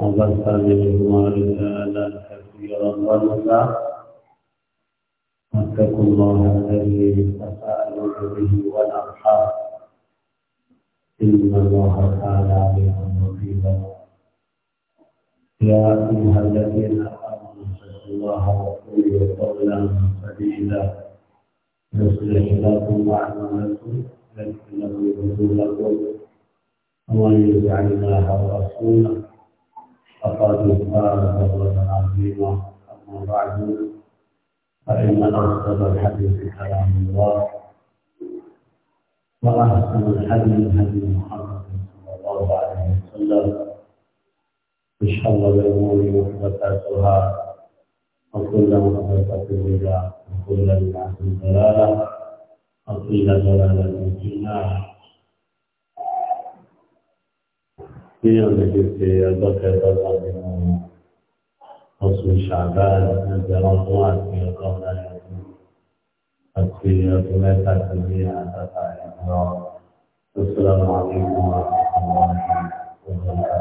وبث منهما رسالا كثيرا ونساء واتقوا الله الذي تساءلون به والارحام ان الله تعالى عليكم رقيبا يا ايها الذين امنوا اتقوا الله وقولوا قولا سديدا يصلح لكم اعمالكم ويغفر لكم ذنوبكم ومن يطع الله ورسوله فقد قال فضلا عظيما اما بعد فان اصدق الحديث كلام الله واحسن الحديث هدي محمد صلى الله عليه وسلم وشر الامور محدثاتها وكل محدثه بدعه وكل بدعه ضلاله وكل ضلاله في النار kéèyàn lè fi ṣe ọjọ́ kẹtọ́lá nínú oṣù ṣàgáàlì ẹgbẹ̀rún ọdún àti ọdún mẹ́rin àti ọdún mẹ́ta sí ní àtàtà ẹ̀rọ oṣù lọ́nà àdínkù àwọn ọdún mẹ́ta.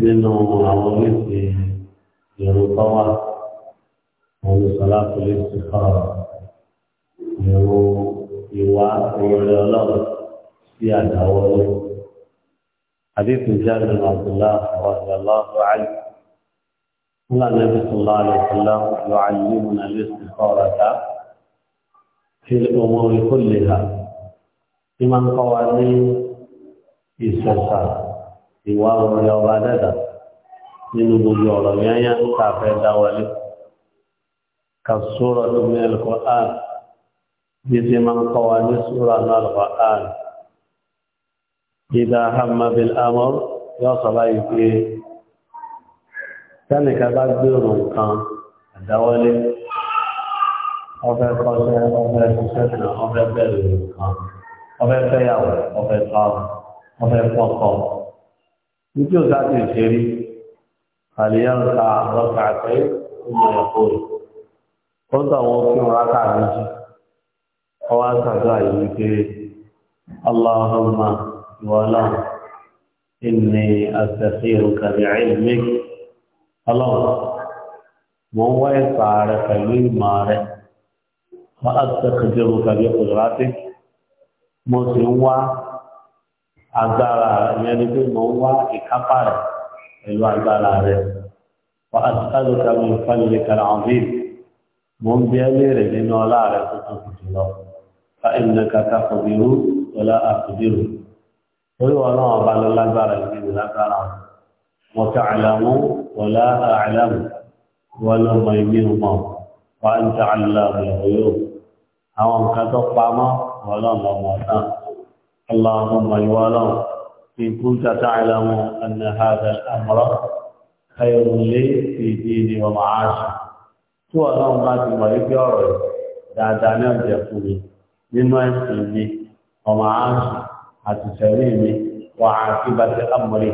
Nínú àwọn oríṣi ìrun tó wà, àwọn olùsọ̀lá kò lè ṣe kọ́ ìrun ìwà orí ọlọ́run. sí àdáwọlé àdéhùn jáde nàbùlá àwọn àgbàlá ọ̀hán ńlá nàbí sọlá àlùfọlá yọ àyíwò nàbí sọkọrọ ta fi ọmọ ikú lè ha ní máa ń kọ́ wa ní ìṣẹ̀ṣà ìwà òrìlẹ̀ ọba dẹ́dà nínú gbogbo ọ̀rọ̀ yányá tá a fẹ́ dáwọlé kàṣúrọ̀ tó ní ẹ̀lẹ́kọ̀ọ́ bí ti máa ń kọ́ wa ní ṣúra náà lọ́kọ̀ọ́ ààrùn ìdá hamabil amor yóò sọ báyìí pé tẹ́nìkà bá gbèrò nǹkan àdáwọlé ọfẹ́ kọ́ṣẹ́ ọfẹ́ ṣiṣẹ́ náà ọfẹ́ bẹ̀rẹ̀ nǹkan ọfẹ́ fẹ́yàwó ọfẹ́ tọ́wọ́ ọfẹ́ pọ́kọ́ níbi ò sá ti ṣe rí àlìyànká lọ́kà pé ó mọ ẹ̀kọ́ rẹ̀ ó ń tọ̀ wọ́n fún rákà méjì ọwọ́ àgbàdo àyè wípé aláhùnmáà ولا إني أستخيرك بعلمك الله وهو يتعرف لي مارك فأستخدمك بقدراتك مسلوة agbára ìyẹn ni pé mọ̀ ń wá ìkápá rẹ̀ pẹ̀lú agbára rẹ̀. Wà á sáré kàmí ìfàlẹ̀ kàrà ọ̀bìn. Mo ń bí ẹlẹ́rẹ̀ nínú ọlá rẹ̀ tuntun tuntun Fa ìnà kàkà fòbìrú wọlá torí wọn náà ọba lọ lágbára ìgbìmọ̀ lágbára wọn ta àlàmú wọlá àlàmú wọn lọ mọ ìmí mọ wọn ń ta àlàmú ìwòyò àwọn nǹkan tó pamọ́ wọn lọ mọ náà اللهم يوالون إن كنت تعلم أن هذا الأمر خير لي في ديني ومعاشي tó ọlọ́run bá ti mọ̀ wípé ọ̀rọ̀ dáadáa náà jẹ́ fún mi nínú ẹ̀sìn mi ọmọ àásùn àtìsẹ̀rí mi wà àkíbàtì amúrí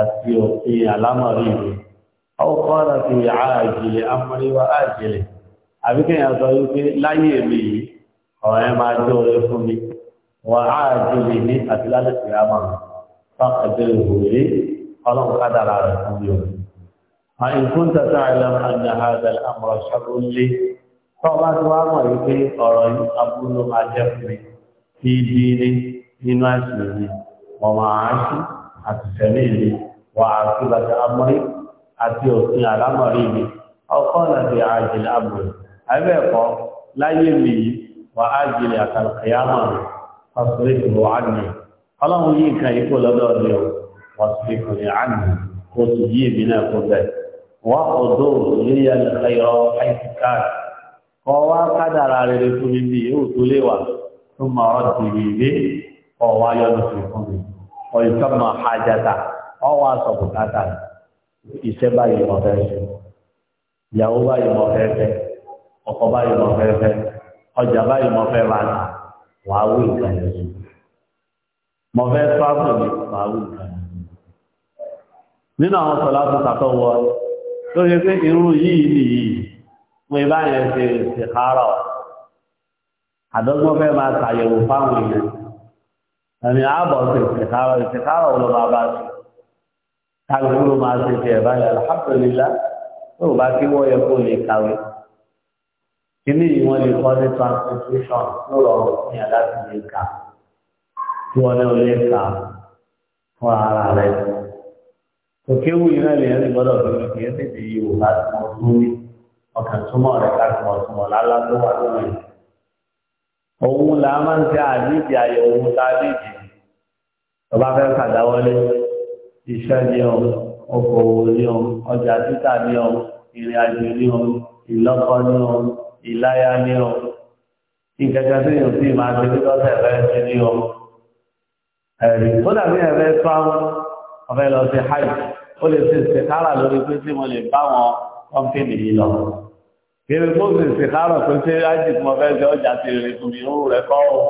àti òfin àlámọ̀rí mi. ọkọ̀ ọ̀rọ̀ ti àjìlẹ̀ amúrí wa àjìlẹ̀ àbíkẹ́yàn sọ wípé láyé mi yìí ọ̀rẹ́ máa jẹ́ orí fún mi wà àjìlẹ̀ ní àti lálẹ́ sí àmà fàkàdé ìwòrí ọlọ́run kádàrà rẹ̀ fún mi o. àyìn fún tata àìlẹ́m àdàhàdà àmọ̀rọ̀ ṣàkó lé tọ́ bá ti mọ̀ wípé ọ̀rọ̀ yìí abúlé máa jẹ́ fún mi kí dín nínú àṣì mi ọmọ àáṣì àti sẹ́lẹ̀ mi wà àti bàtà amọ́rí àti òfin àlámọ̀rí mi ọkọ́ láti àjìlẹ̀ àbúrò abẹ́ẹ̀kọ́ láyé mi wà ájìlẹ̀ àtàlùkìyàmọ̀ mi pàṣípàṣípò wà ánì ọlọ́run yìí fún mi tó léwà tó máa ọ́ ọwọ́ ayọ́nù sí fún mi ọ̀yùtọ́mọ̀ àjàtà ọwọ́ asọ̀bùkátà iṣẹ́ báyìí mọ̀ fẹ́ ṣe ìyàwó báyìí mọ̀ fẹ́ fẹ́ ọkọ báyìí mọ̀ fẹ́ fẹ́ ọjà báyìí mọ̀ fẹ́ máa tà wàá wí nǹkan yẹn sí mọ̀ fẹ́ tó àpò mi wàá wí nǹkan sí. nínú àwọn sọlá tó tàtọ̀ wọ tó ṣe pé irú yìí nìyí mo ìbá yẹn ṣe ṣèkárọ̀ àdọ́gbọ́n fẹ́ máa ṣàyẹ̀wò fáwọn èèyàn ẹni àbọ̀ ṣe ìṣèkárọ̀ ìṣèkárọ̀ ló máa bá ṣe káwé ló máa ṣe ṣe ẹ̀bá yẹn alhamdulilá tó o bá kí wọ́n yẹ kó lè kàwé kíní yìí wọ́n lè kọ́ ní transportation tó rọrùn ní aláàbí lè kà tí wọ́n ní o lè kà fún ara rẹ̀ òkè wù yìí náà lè ẹni gbọ́dọ̀ fi mi kìí tètè yí o bá tún ọ tún ní ọkàn túmọ̀ rẹ̀ ká tún ọ tún ọ lálá tó wà lórí rẹ̀ òun là máa ń tẹ àdíjì àyẹ̀wò ta àdíjì ọba fẹ́ kàdáwọlé iṣẹ́ ní ọ okòwò ní ọ ọjà títà ní ọ ìrìn àjò ní ọ ìlọ́kọ ní ọ ìláyà ní ọ ìkẹkẹ tí yóò sì máa ṣe lọ́sẹ̀ rẹ ṣe ní ọ ẹ̀rí ó dàbí ẹ̀rẹ́ fáwọn ọ̀fẹ́ lọ sí hajj ó lè ṣe ṣe kára lórí pé tí mo lè bá wọn kọ́ńpìnì yìí lọ kiri tó sì sì kárọ̀ pé ṣé ájì tí mo fẹ́ ṣe ọjà ti rìn fún mi ó rẹ̀ kọ́ ọ́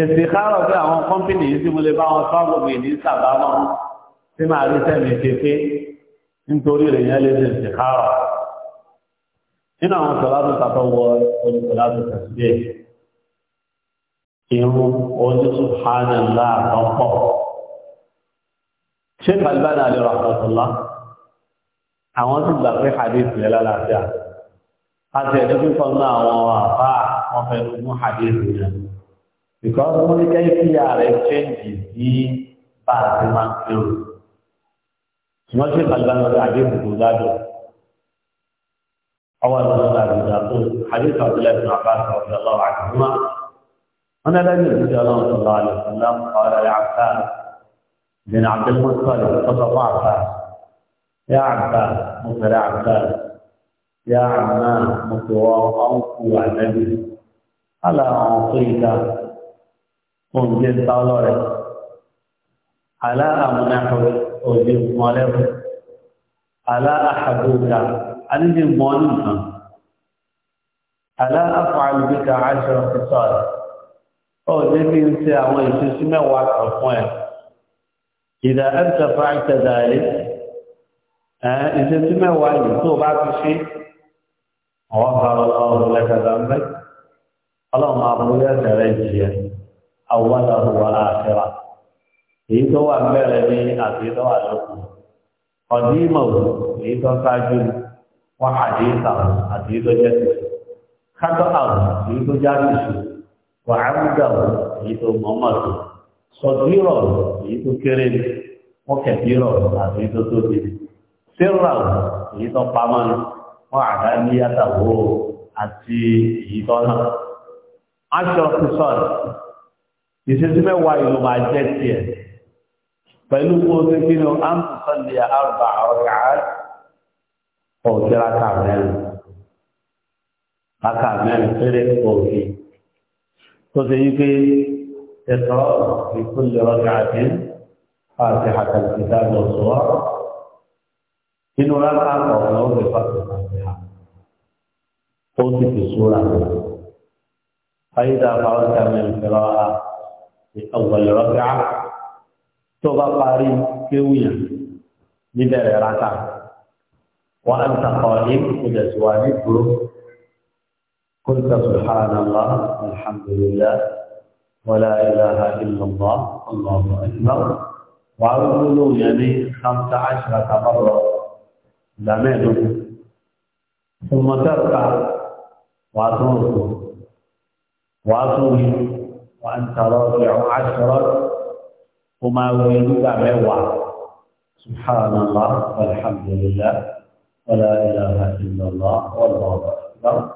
èsì kárọ̀ pé àwọn kọ́mpìnì yìí tí mo lè bá wọn sọ́ọ̀bù mi ní sàbámọ́ tí màá rí sẹ́mi kéke nítorí rẹ̀ yẹn lè ṣe sì kárọ̀ nínú àwọn sọ̀rọ̀ tó tàbọ̀ wọ olùsọ̀rọ̀ tó tẹ̀síbẹ̀ irun oníṣùhánilá àkọ́kọ́ ṣé balibana alẹ́ rọ̀ àkọ́kọ́ àwọn tó gbà pé hadith yẹn lálàáfíà àti ẹ̀dọ́ pípọ̀ ní àwọn àbá wọn fẹ́ mú hadith yẹn because wọ́n ní jẹ́ kí ààrẹ change sí bá a ti máa ń fi rò wọ́n ṣe kàlùbánu ọ̀dọ̀ àdéhùn tó dájọ́ ọwọ́ ìlú ọ̀dọ̀ àdéhùn tó hadith ọ̀dọ̀lẹ̀ fún àbá ọ̀dọ̀ lọ́wọ́ àdéhùn wọn náà lẹ́yìn ìdíje ọlọ́run tó lọ́wọ́ àlẹ́ fún lọ́wọ́ ọ̀rẹ́ àbá bin abdulmutalib tó sọ fún àbá yá àbá mo fẹ́rẹ̀ يا عمان متواضع النبي على أعطيك أنزل طالرك على أمنحك أجيب مالك على أحبك أنزل مالك على أفعل بك عشر خصال أو نبي أنت أعوان تسمى وعفوان إذا أنت فعلت ذلك إذا تسمى وعلي تو بعد شيء وغفر الله لك ذنبك اللهم اغفر يا ترجي اوله واخره èyí tó wà bẹ̀rẹ̀ ní àti tó wà lókun ọdímọ̀ èyí tó ṣáájú wọn àti ìtàwọn àti tó jẹ́ sí kátó àwọn èyí tó já lùsù wà á ń dà wọn èyí wọn àdá ní yàtàwó àti èyí tọ́nà. aṣọ sísọ̀rọ̀ ìṣesí mẹ́wàá ìlú máa jẹ́ tiẹ̀ pẹ̀lú kó o ṣe kí ni a ń sọ̀lì àrùbà ọ̀gá ọ̀gá ká mẹ́rin ká mẹ́rin péré òkè tó ṣe inú rárá ọ̀gá ó lè fàtìhàtà. ó sì fi súra rẹ̀. fàyídà fàwọ́tà mẹ́rin fẹ́rọ ha ní ọ̀gbọ̀lẹ̀ rọ́bíà tó bá parí kéwìyàn níbẹ̀rẹ̀ rákà wọ́n á ń takọ̀ ní ìdẹ̀síwá ní dúró قلت سبحان الله الحمد لله ولا إله إلا الله الله أكبر وأقول يعني خمس عشرة مرة لمن ثم تركع وأطوله وأطوله وأنت رافع عشرة وما ويلك موعى سبحان الله والحمد لله ولا إله إلا الله والله أكبر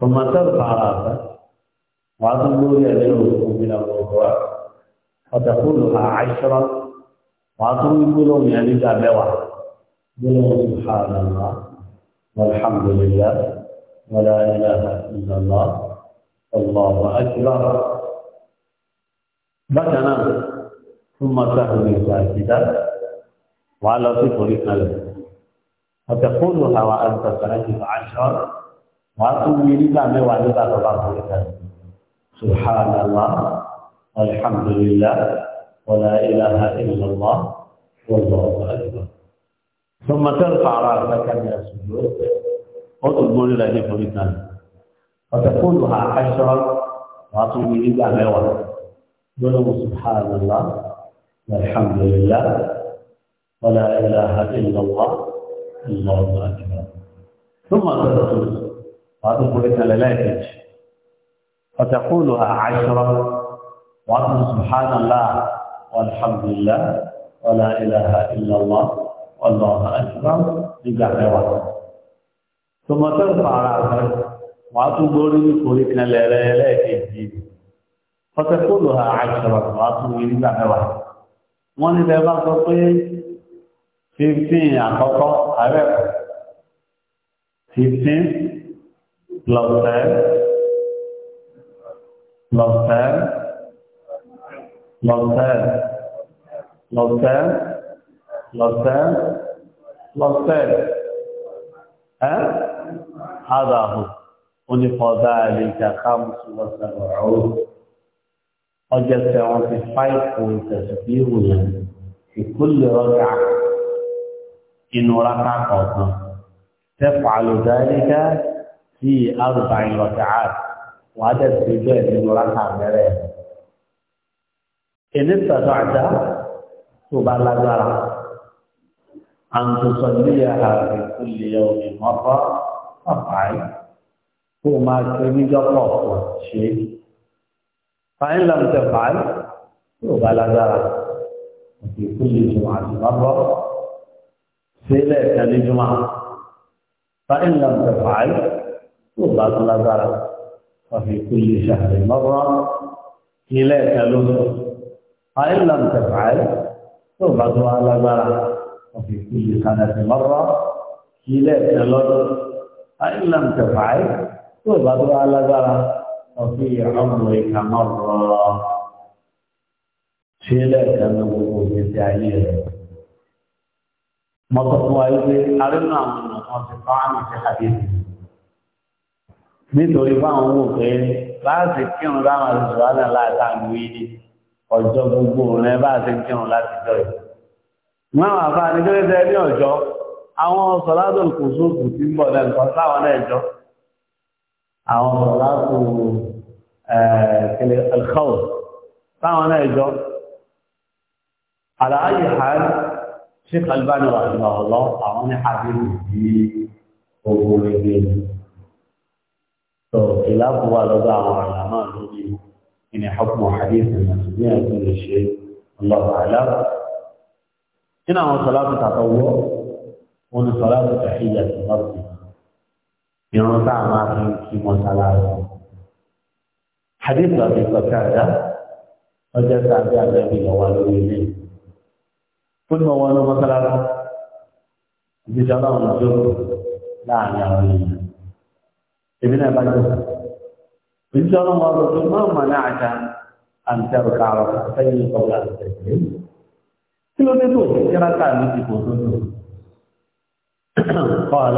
ثم ترفع راسك وأظل يدعوك من الوضوء وتقولها عشرة وأظل يقولون يلك موعى قولوا سبحان الله والحمد لله ولا إله إلا الله الله أكبر بكنا ثم سهل ساجدا وعلى صفر قلب وتقولها وأنت ساجد عشر وأقول لله ما وعدت الله سبحان الله الحمد لله ولا إله إلا الله والله أكبر ثم ترفع رأسك من السجود قطب بولي لأي فريدنا فتقولها عشرة وعطوني إلا عميوة قلوا سبحان الله والحمد لله ولا إله إلا الله الله أكبر ثم تدخل وعطوني فريدنا للا يتج فتقولها عشرة وعطوني سبحان الله والحمد لله ولا إله إلا الله والله أكبر لقاء عميوة tó mọ tó ń fa ara rẹ̀ wàá tún gbórí ní orí kan lẹ́rẹ́ lẹ́ẹ̀kejì ọ̀sẹ̀ tó lò ha àìsọ̀rọ̀ wàá tún wí nígbà mẹ́wàá wọ́n ní bẹ́ẹ̀ bá sọ pé fifteen àkọ́kọ́ ààrẹ fifteen plus ten plus ten plus ten plus ten plus ten plus ten. هذا هو فذلك خمس وسبعون ọjọ́ sẹ́wọ́n fi five point ṣẹ̀fíìrù yẹn ìkúlẹ̀ ọjà inú rákà kọ̀ọ̀kan tẹ́fà àlùdáríkà sí àrùbá ìlọ́jà wà á dẹ̀sí bẹ́ẹ̀ nínú rákà mẹ́rẹ̀. èdè tàdó àjá tó bá lágbára àǹtòsọ̀ níyà àrùn ìkúlẹ̀ ọ̀gbìn mọ́kọ́ ọ̀páyà kó o máa ṣe níjọ́pọ̀ pọ̀ ṣe é fàyín lọ́n tẹ̀ fàáyì tí ò bá lágbára òkè kó lè jùmọ̀ àti bábọ́ sílẹ̀ ẹ̀ka lè jùmọ̀ fàyín lọ́n tẹ̀ fàáyì tí ò bá tún lágbára òkè kó lè ṣàlẹ̀ bábọ́ sílẹ̀ ẹ̀ka lóṣù fàyín lọ́n tẹ̀ fàáyì tí ò bá tún lágbára òkè kó lè ṣàlẹ̀ bábọ́ sílẹ̀ ẹ̀ka lọ́dún. فإن لم تفعل توبة على ذلك ففي عمرك مرة ṣe lẹ́ẹ̀kan ní gbogbo ìgbésí ayé rẹ̀. Mo sọ fún wa wípé arínú àwọn ọ̀nà kan ti fa àmì sí àdéhùn. Nítorí báwọn wò pé láti kírun láwọn àlejò àná láta lùí ní ọjọ́ gbogbo rẹ̀ bá ti kírun láti jọ yìí. Wọ́n àwọn àbá nítorí tẹ ní ọjọ́ àwọn sọ̀ládọ̀ kò sóòkù tí ń bọ̀ lẹ́nkọ́ sáwọn náà jọ àwọn sọ̀ládọ̀ eh, kẹlẹ̀ alkhawf sáwọn náà jọ àlàáyé hàn ṣe kalbani wà ní ọ̀lọ́ àwọn ní àbílù bí owó rẹ̀ tó ìlàkù wà lọ́dọ̀ àwọn àlàmà اون صلاه تحیات مرضی یان تا ما کی مو صلاه حدیث لا بیت کاردا اجازه تا بیا دې لوالو دې نه پون موانو مثلا دې جانا مزو لا نه وي ابن ابي بکر ان جانا مارو ثم منعت ان تركع ركعتين قبل ان تسلم كلمه دو جرا تا نتي قال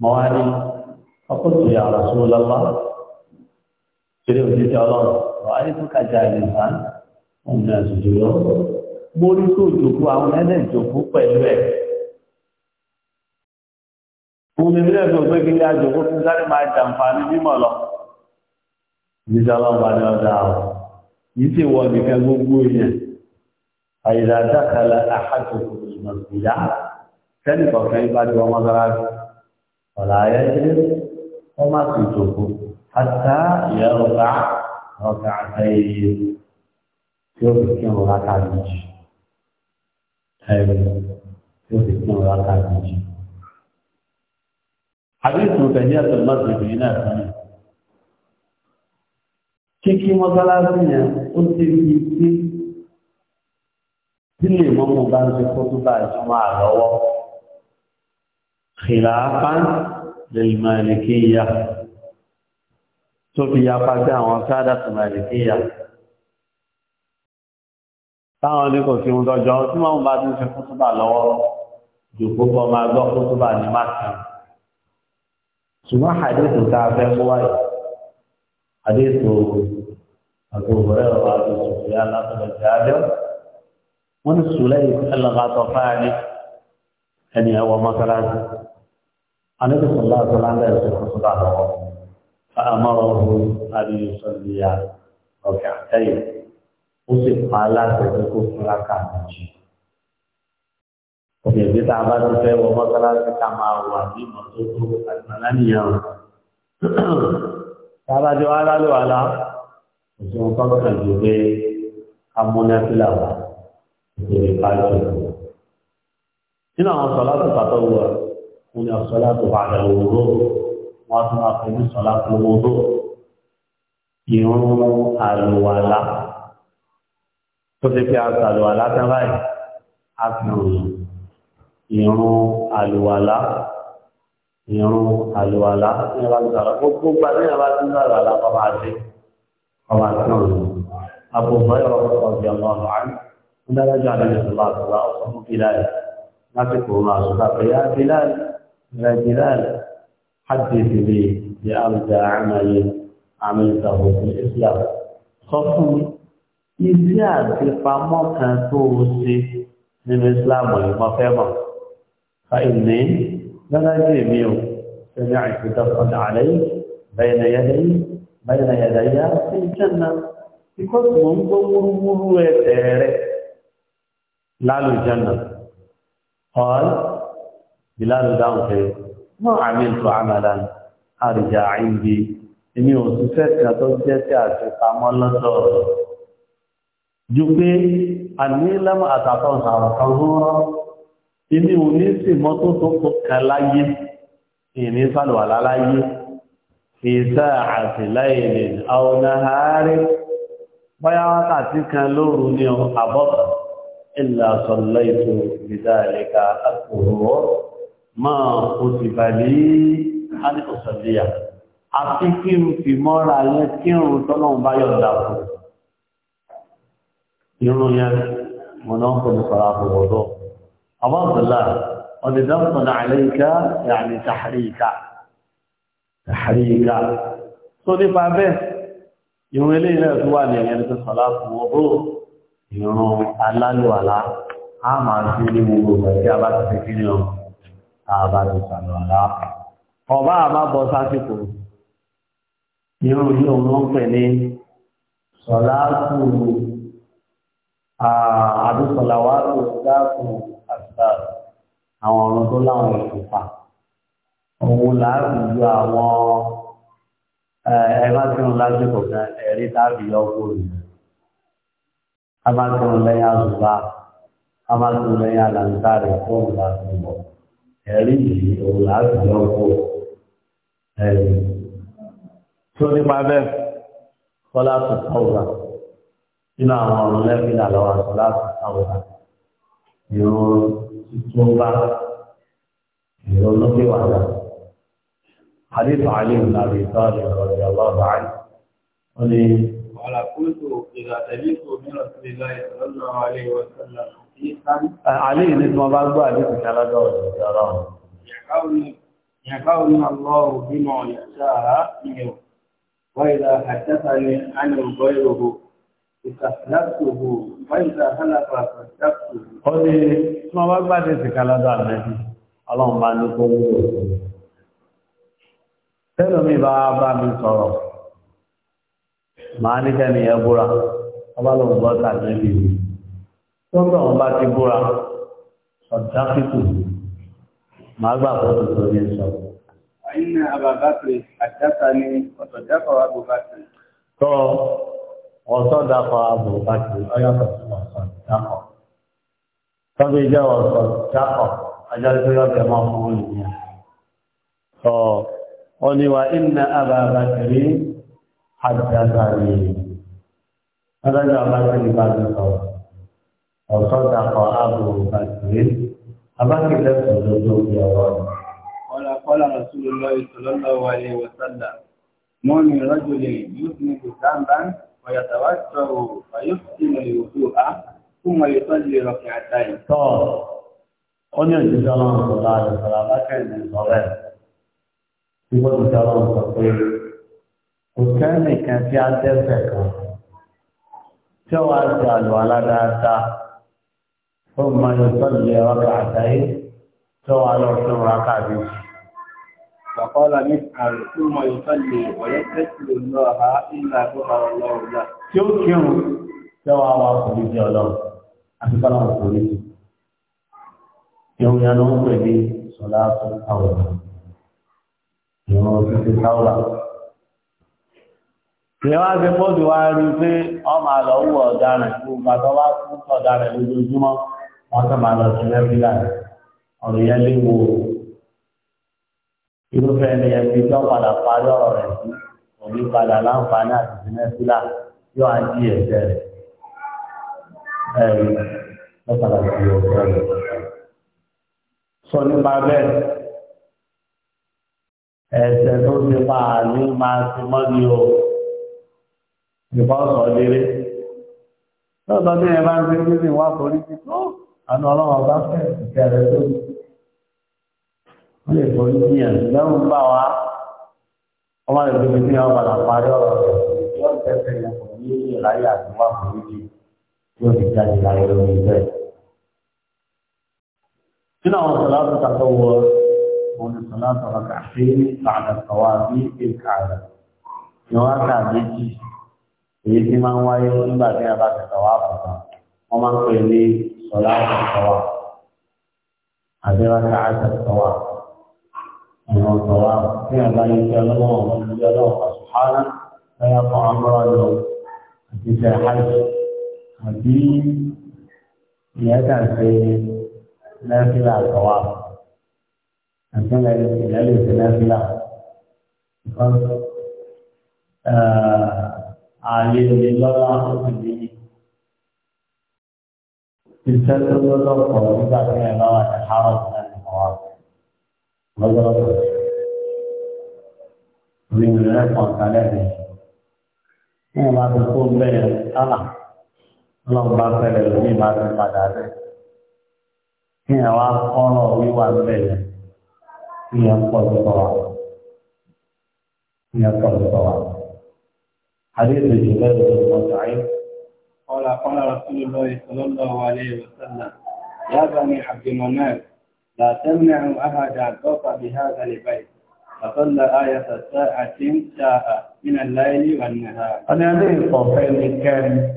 موالي فقلت يا رسول الله شريف الله رأيتك جالسا والناس جلوس موريتو جوكو àwọn ẹlẹ́ ìjòkó pẹ̀lú ẹ̀ òun ni mílẹ̀ tó pé kí ní àjòkó fún sáré máa jàǹfààní mímọ̀ lọ jíjá ọlọ́pàá ní ọjà ọ̀ yìí tí wọ́n nìkan gbogbo èèyàn àyíká dákàlà àhàjòkó ìmọ̀ ìyá sẹ́ni kọ̀ọ̀kan yìí bá jọ ọmọ sára rẹ̀ ọ̀la ayé ṣe wọ́n má sì tòkó àtà ìyá ọ̀gá ọ̀gá àtà iye tí ó fi kí ọ̀rọ̀ ata méjì ẹ̀rọ tí ó fi kí ọ̀rọ̀ ata méjì. àdéhùn tẹ̀lé ẹ̀sẹ̀ lọ́sẹ̀ náà kan yìí. kíkí mọ́sálásí yẹn ó ti fi sí sílé mọ́mú bá ń ṣe kó tó bá ìjọba خلافا للمالكية سوفي يا فاتح وسادة مالكية táwọn ní kò sí ohun tọjọ tí wọn bá tún ṣe kútúbà lọ́wọ́ jòkó kọ máa gbọ́ kútúbà ní mákàn ṣùgbọ́n àdéhùn tá a fẹ́ mú wáyé àdéhùn àti òwúrẹ ọba àti òṣèlú alásọlẹ jáde wọn ní sùlẹ ìfẹlẹ bá fáyà ní ẹni ẹwọ mọ́sálásí النبي صلى الله عليه وسلم لا يصلح صلاته فأمره أن يصلي ركعتين وصف على ذلك ركعة òkè bí tá a bá ti fẹ́ wọ mọ́sálásí ká máa wà ní ìmọ̀tótó àgbàláníyàn tá a bá jọ alálò àlá òṣùn kọ́kàn jù pé amúnáfílà wà ìpèrè pàjọ́ nínú àwọn sọ̀lá tó pàtó wù ọ́ wọ́n ní ọ̀sọ́lá tó bá dàgbà òwúrò wọ́n tún máa pẹ̀lú sọ́lá tó òwúrò ìrún àlùwàlá tó ti fi àlùwàlá tán báyìí á fi hàn ìrún àlùwàlá ìrún àlùwàlá ní ọba tó sàrọ̀ gbogbo gba ní ọba tó sàrọ̀ àlàkọ́ máa ṣe ọba tó hàn àbùkù ọ̀rọ̀ ọ̀gbìn ọmọ ọ̀nà àná ń dára jù àdéhùn ìṣòro àtúrà ọ̀sán يا بلال حدث لي بأرجى عمل عملته في الإسلام خفوا إزياد بقامة كان توسي من الإسلام ما فهمه فإني لا جميع سمعت دفعا عليه بين يدي بين يدي في الجنة because mo ń gbọ́ wúrúwúrú ẹsẹ̀ rẹ̀ lálùjọ́nà. Ọ̀l Bílálù dáhùn pé mọ́ àmì ìtò àmàlà àrìjà àìǹdí èmi ò ṣiṣẹ́ kan tó jẹ́ sí àṣepamọ́ lọ́dọ̀ ju pé ànílámà àtàtọ̀ sàrọ̀ kan rúrọ́ èmi ò ní sì mọ́tò tó kọ kan láyé ìní sàlùwàlá láyé fi sáà àtìláìlìn àwọn náhàárí bọ́yá wákàtí kan lóru ní àbọ́kà ìlà sọ̀lọ́ ètò ìdáàlẹ́ka àkùrọ̀ máa òtìbà lè alìkọ̀sọ̀lẹ́yà àti kí n fi mọ́ra yẹn kí n tọ́lọ́run bá yọ̀ǹda fún irun yẹn mo náà ń pè ní sọ̀rọ̀ àbọ̀wọ̀dọ̀ àwọn àbúlá ọ̀dẹ̀dọ́sọ̀nà àlẹ́yìká yàní tàhàríkà tàhàríkà tó nípa bẹ́ẹ̀ ìrún ilé ilẹ̀ tó wà ní ẹ̀yẹn tó sọ̀lá fún ọgbọ́ ìrún alálùwàlá a máa sí ní gbogbo ìgbà tí ti fi kí ní ọmọ àbára ìsàlọ̀ àlá ọba àbá bọ́ sásìkò yóò rí òun ló ń pè ní sọ̀láàtù àdúsọ̀làwàtò dáàkù àṣà àwọn ọ̀run tó láwọn òṣùpá òun láàbì ju àwọn ẹ̀rọ tí wọn lásìkò kan ẹ̀rí tàbí ọgọ́rùn-ún a máa tún lẹ́yìn àzùbá a máa tún lẹ́yìn àlàǹtà rẹ̀ fóònù láti bọ̀ ẹ̀rí yìí òun láti lọ kó ẹ̀rí. tó nípa bẹ́ẹ̀ kọ́lá tó táwùrà nínú àwọn ọ̀run lẹ́bí làlọ́wọ́ kọ́lá tó táwùrà ìrún tuntun bá ìrún lókè wà lọ. حديث علي بن ابي طالب رضي الله عنه قال قلت اذا تليت من رسول الله صلى الله عليه وسلم Àlé ìní tí wọ́n bá gbọ́ àdé ìpínlẹ̀ alájọ́ ọ̀dọ̀ ọ̀rọ̀. Yàká orí àlọ́rù bí mọ̀ yàtà àrá ìyẹ̀wò, wáyìlá àjẹ́ta ni a ní ọgbọ́ ìrògbò, ìkàfìlásòwò, wáyìlá hálàfà àkàfìlásòwò. Ó ní tí wọ́n bá gbàdé ìpínlẹ̀ tọ́gbà wọn bá ti búra ọ̀dá kíkù máa gbà fọ́ tuntun ní sọ. àyínà àbàbàkiri àjáta ni ọ̀sọ̀dáfà àbùbàkiri. tọ́ ọ̀sọ̀dáfà àbùbàkiri ọ̀yàtọ̀ ọ̀sọ̀dáfà. tọ́gbà ìjẹ́ ọ̀sọ̀dáfà ajáde ọ̀tẹ̀ máa fún wọn nìyẹn. tọ́ ọ ní wa ìnà àbàbàkiri àjáta ni ọ̀sọ̀dáfà àbùbàkiri bá ti sọ̀rọ̀ ọ̀sọ́dà kọ ààbò bàtìrì abákẹ́lẹ́ sọ̀rọ̀ tó fi ọ̀rọ̀ rẹ̀. Qala qala Rasulullah sallallahu alaihi wa sallam mọ́ni rọ́jòlè yóò ní bùtàmbá ọ̀yàtàwá sọ̀rọ̀ fàyọ́sì lọ́lẹ̀ òkú a fún wọlé tó lè rọ̀kẹ̀ àtàyè. tọ́ ọ ní òjijì ọlọ́run sọ̀rọ̀ àti sọ̀rọ̀ abákẹ́lẹ́ sọ̀rọ̀ ẹ̀ tí wọ́n ثم يصلي ركعتين سواء لو سن ركعتين فقال مسعر ثم يصلي ويستسل الله إلا غفر الله له شكر سواء واصل الله أحسن الله يوم ينوم به صلاة الأولى يوم في الأولى Ìyẹ́wà ti pọ́ ti wá rí pé ọmọ àlọ́wọ́ ọ̀daràn gbogbo àtọwà fún ọ̀daràn lójoojúmọ́ wọ́n tó máa lọ sí lẹ́bílà ọ̀rọ̀ yẹn léwu o irúfẹ́ ẹni yẹn fi tó padà parí ọ̀rọ̀ rẹ̀ sí òní padà láǹfààní àti sí lẹ́bílà yóò á di ẹ̀jẹ̀ rẹ̀ ẹ̀rí ló padà sí ọ̀rọ̀ rẹ̀ sọ nípa bẹ́ẹ̀ ẹ̀sẹ̀ tó ti pa àní máa ti mọ́ ni o ìfọ́sọ̀ lérè lọ́sọ̀ọ́ bí ẹ bá ń gbé gbé wá forí ti tó àánú ọlọ́wọ́ bá fẹ́ ìkẹrẹ tó wọ́n lè forí jiyàn lẹ́rù ń bà wá wọ́n má lè dóbi tí wọ́n padà parí ọ̀rọ̀ rẹ̀ yóò tẹ́tẹ́ yẹn kò ní í láyé àtiwá forí jì yóò fi jáde láyé lórí bẹ́ẹ̀. sínú àwọn sọlá tó ta tó wọ òun ni sọlá tó kàfé sàdà sọwá bí èkà rẹ̀ yọ wá kà méjì èyí tí máa ń wáyé nígbà tí a bá ti sọwá fọ̀tàn wọ́n máa ń pè ní صلاة الطواف هذه ركعات الطواف أنه الطواف في ذلك الله ومن الله سبحانه فيقع أمراضه في الحج هذه يدع في نافلة الطواف أنتم لا يدعي في نافلة آه علي لله iṣẹ́ tó lọ́lọ́pọ̀ nígbà tí ẹ̀ lọ́wọ́ ẹ̀ hárọ̀ sẹ́ni ọ̀wọ́ lọ́lọ́pọ̀ rí mi lẹ́kọ̀ọ́ kálẹ̀ mi. Ní ìwà tó kó bẹ́ẹ̀ sálà lọ́wọ́ bá fẹ́rẹ̀ lórí ìbá ti padà rẹ̀. Kí ẹ̀ wá kọ́rọ̀ wíwà bẹ́ẹ̀ kí ẹ̀ pọ̀ tó tọ̀ wá. Kí ẹ̀ pọ̀ tó tọ̀ wá. Adé ìdòjì bẹ́ẹ̀ ló ń mọ̀ قال قال رسول الله صلى الله عليه وسلم يا بني عبد مناف لا تمنعوا أحد الطوف بهذا البيت فصلى آية ساعة شاء من الليل والنهار أنا ليه الطوفين كان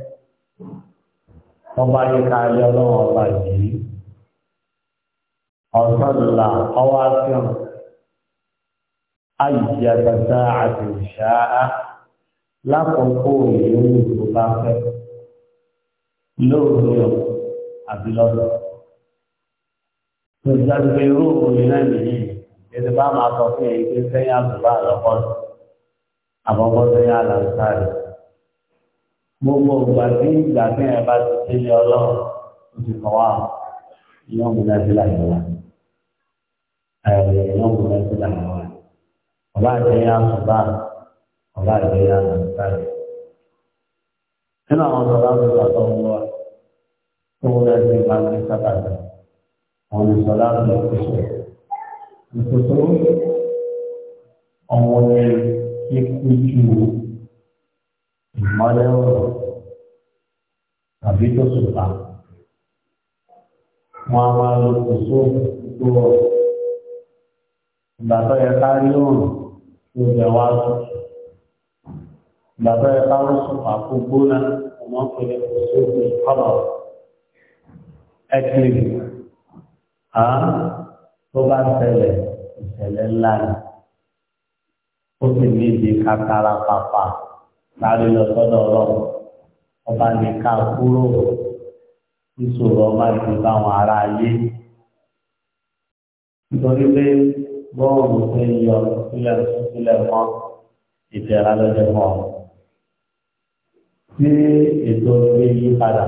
وبارك على الله وبارك وصلى قواسم أي ساعة شاء لا تقول يوم بافر lóòrò yọ àbí lọ́dọ̀. Tó ìjà gbé irú òye náà nìyí, ètò bá máa sọ fún èyí pé sẹ́yìn àbúrò àlọ́kọ́ àbọ̀bọ̀ sẹ́yìn àlàǹtàrì. Gbogbo ìgbà tí ìgbà tí ẹ bá ti ṣe ilé ọlọ́run, ó ti kọ̀ wá ìyá òmìnira sí làyẹ̀wò. Ẹ̀rẹ̀ ìyá òmìnira sí làyẹ̀wò. Ọba àjẹyà àtúbà, ọba àjẹyà àlàǹtàrì. Nínú àwọn ọ̀dọ́ láwùjọ àtọ́wọ́ wa. Sonra Peygamber satardı. Onu salar ve kusur. Kusur, onun ilk ucu imale olur. Tabi de sultan. Muammalı kusur, kusur. Bàbá yẹ kárí òun tó jẹ wá sùn. Bàbá yẹ kárí sùn àkókò náà, ọmọkùnrin kò sókè kábàá ẹ̀kìlì á tó bá ṣẹlẹ̀ ìṣẹ̀lẹ̀ ńlá ni ó sì ní ìdí kàkàrà pàpà sáré lọ sọ́dọ̀ ọlọ́run ọba nìkan kúrò ìṣòro ọba ìdí báwọn ará ayé nítorí pé bọ́ọ̀lù ṣe ń yọ sílẹ̀ sílẹ̀ mọ́ ìdẹ̀ra lọ́jọ́ mọ́ tí ètò ìgbé padà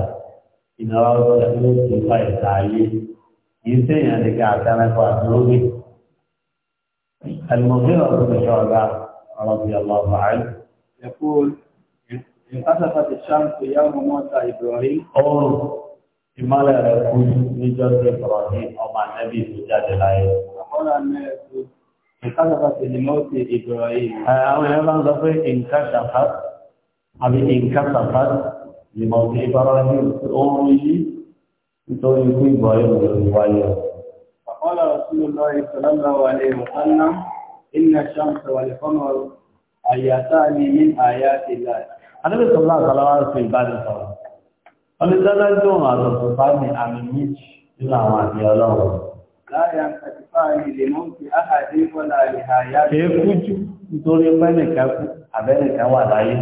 ìnáwó ọ̀sẹ̀ ló ti fa ìta ayé yìí sẹ́yìn àdìgá àtàlẹ́kọ̀ àdúrógbè المغير بن شعبة رضي الله عنه يقول انكسفت الشمس يوم موتى إبراهيم أو إمالة يكون نجد إبراهيم أو مع النبي سجاد الآية وقال الناس انكسفت لموت إبراهيم أو يبقى انكسفت أو انكسفت ìmọ̀ tí bàbá ní oorun yìí nítorí ikú ìgbọ̀ ẹ̀rù lórí wáyé ọ̀. Àkọ́lá Rasulù lọ ìsọ̀lọ́lá wà lè wọ̀sánná iná ṣàmùsọ̀ wà lè fọ́nà àyàtá ní ní àyà ti láì. Adébẹ̀ sọ̀rọ̀ láti aláwá ṣe ìbánisọ̀rọ̀. Ọdún dáná jọ òun àtọ̀tọ̀ bá ní àmì méjì nínú àwọn lè mọ́ ti áhàdé wọ́n láàrin àyà. Kèé kújú nítorí pẹ́nìkan kú àbẹ́nìkan wà láyé.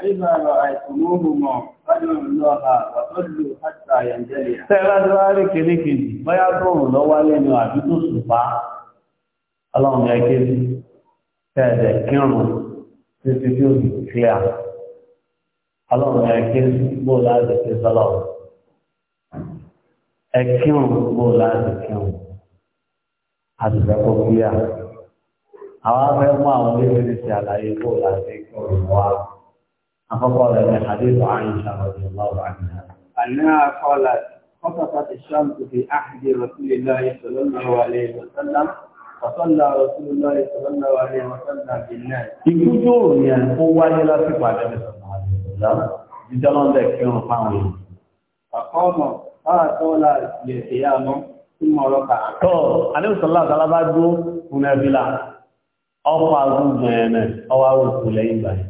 فإذا رأيتموهما فادعوا الله وصلوا حتى ينجليا. Tẹ́lá ti wá rí kìíní kìíní, bóyá tóòrùn lọ wálé ni àbí tó sùn bá ọlọ́run yẹ kí tẹ̀lẹ̀ kírun títí tí ó sì kílíà. Ọlọ́run yẹ kí bó Àwọn afẹ́ mú àwọn oníṣẹ́ ti ṣàlàyé bó láti kírun wá. أخبر أن حديث عائشة رضي الله عنها أنها قالت خطفت الشمس في عهد رسول الله صلى الله عليه وسلم فصلى رسول الله صلى الله عليه وسلم بالناس. يقولون يعني هو لا تقوى عليه صلى الله عليه وسلم. فقام فأطول القيام ثم ركع. تو عليه صلى الله عليه وسلم هنا بلا. أو فاضل أو أو كلين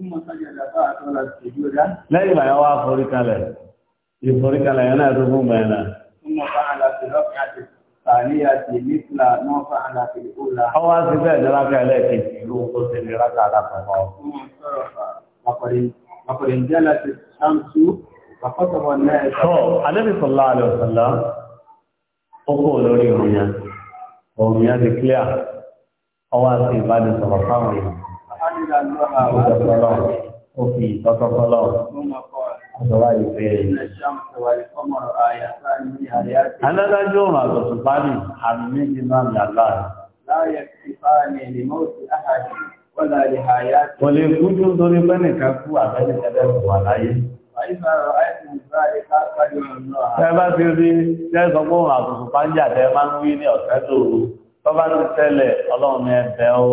lẹ́yìn ìgbà yẹn wá forí kalẹ̀ ìforí kalẹ̀ yẹn náà tó fún bẹ́ẹ̀ náà. Ọ wá sí bẹ́ẹ̀ níláka ẹlẹ́ẹ̀kejì ìlú tó ti níláka alákọ̀ọ́. Tọ́ Adébí Sọlá Alẹ́ Òsàlá, ó kò lórí òun yẹn, òun yẹn ti kílíà, ọ wá sí ìbánisọ̀rọ̀ fáwọn èèyàn ọ̀dọ̀fọ́lọ́ ó fi ìtọ́tọ́fọ́lọ́ ọ̀dọ̀wà ìfẹ́ aládájọ́ ọ̀rọ̀ àtọ̀tùpárì àmì méjì náà yàlá kò lè kújú nítorí pẹ́nìkan kú àbẹ́nìkẹ́lẹ́ kò wà láyé Tẹ́bá ti rí tẹ́sọ pé òun àtùsùn pàájà tẹ́ máa ń wí ní ọ̀sẹ́ tó rú, tẹ́lẹ̀ ọlọ́run ẹ̀bẹ̀ o.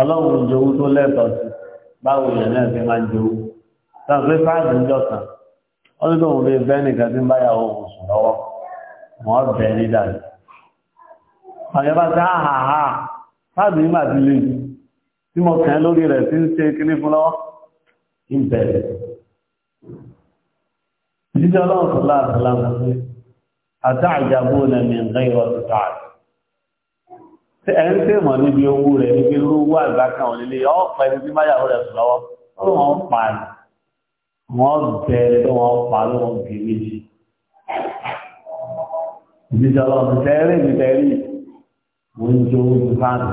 ọlọ́run jowú tó lẹ́tọ̀ọ́ sí báwo yẹn náà fi máa jowú sọ pé fáàdì ń jọ̀sán ó ní tóun bíi bẹ́ẹ̀ nìkan tí ń bá yàwó òun sùn lọ́wọ́ wọ́n bẹ̀ ní dàrí. àyẹ̀ bá sá àhàhà fáàdì yìí máa ti lè jù tí mo kàn lórí rẹ̀ tí ń ṣe kíní fún lọ́wọ́ ń bẹ̀rẹ̀. ìdíjọ́ ọlọ́run sọ̀lá àtàlámù pé àtàjàbó lẹ́mìí ń gẹ́ ìwọ́sùn káàdì ẹ̀ ń tèmọ̀ níbi owó rẹ̀ níbi lówó àgbákan òlélé ọ̀pẹ́ ibi máyàwó rẹ̀ sùn lọ́wọ́ tó wọ́n pa wọ́n bẹ̀rẹ̀ tó wọ́n pa ló wọ́n gbé méjì. ìdíjọba ọ̀sẹ̀rẹ̀ mi tẹ̀rí mo ń jó ojú fáànù.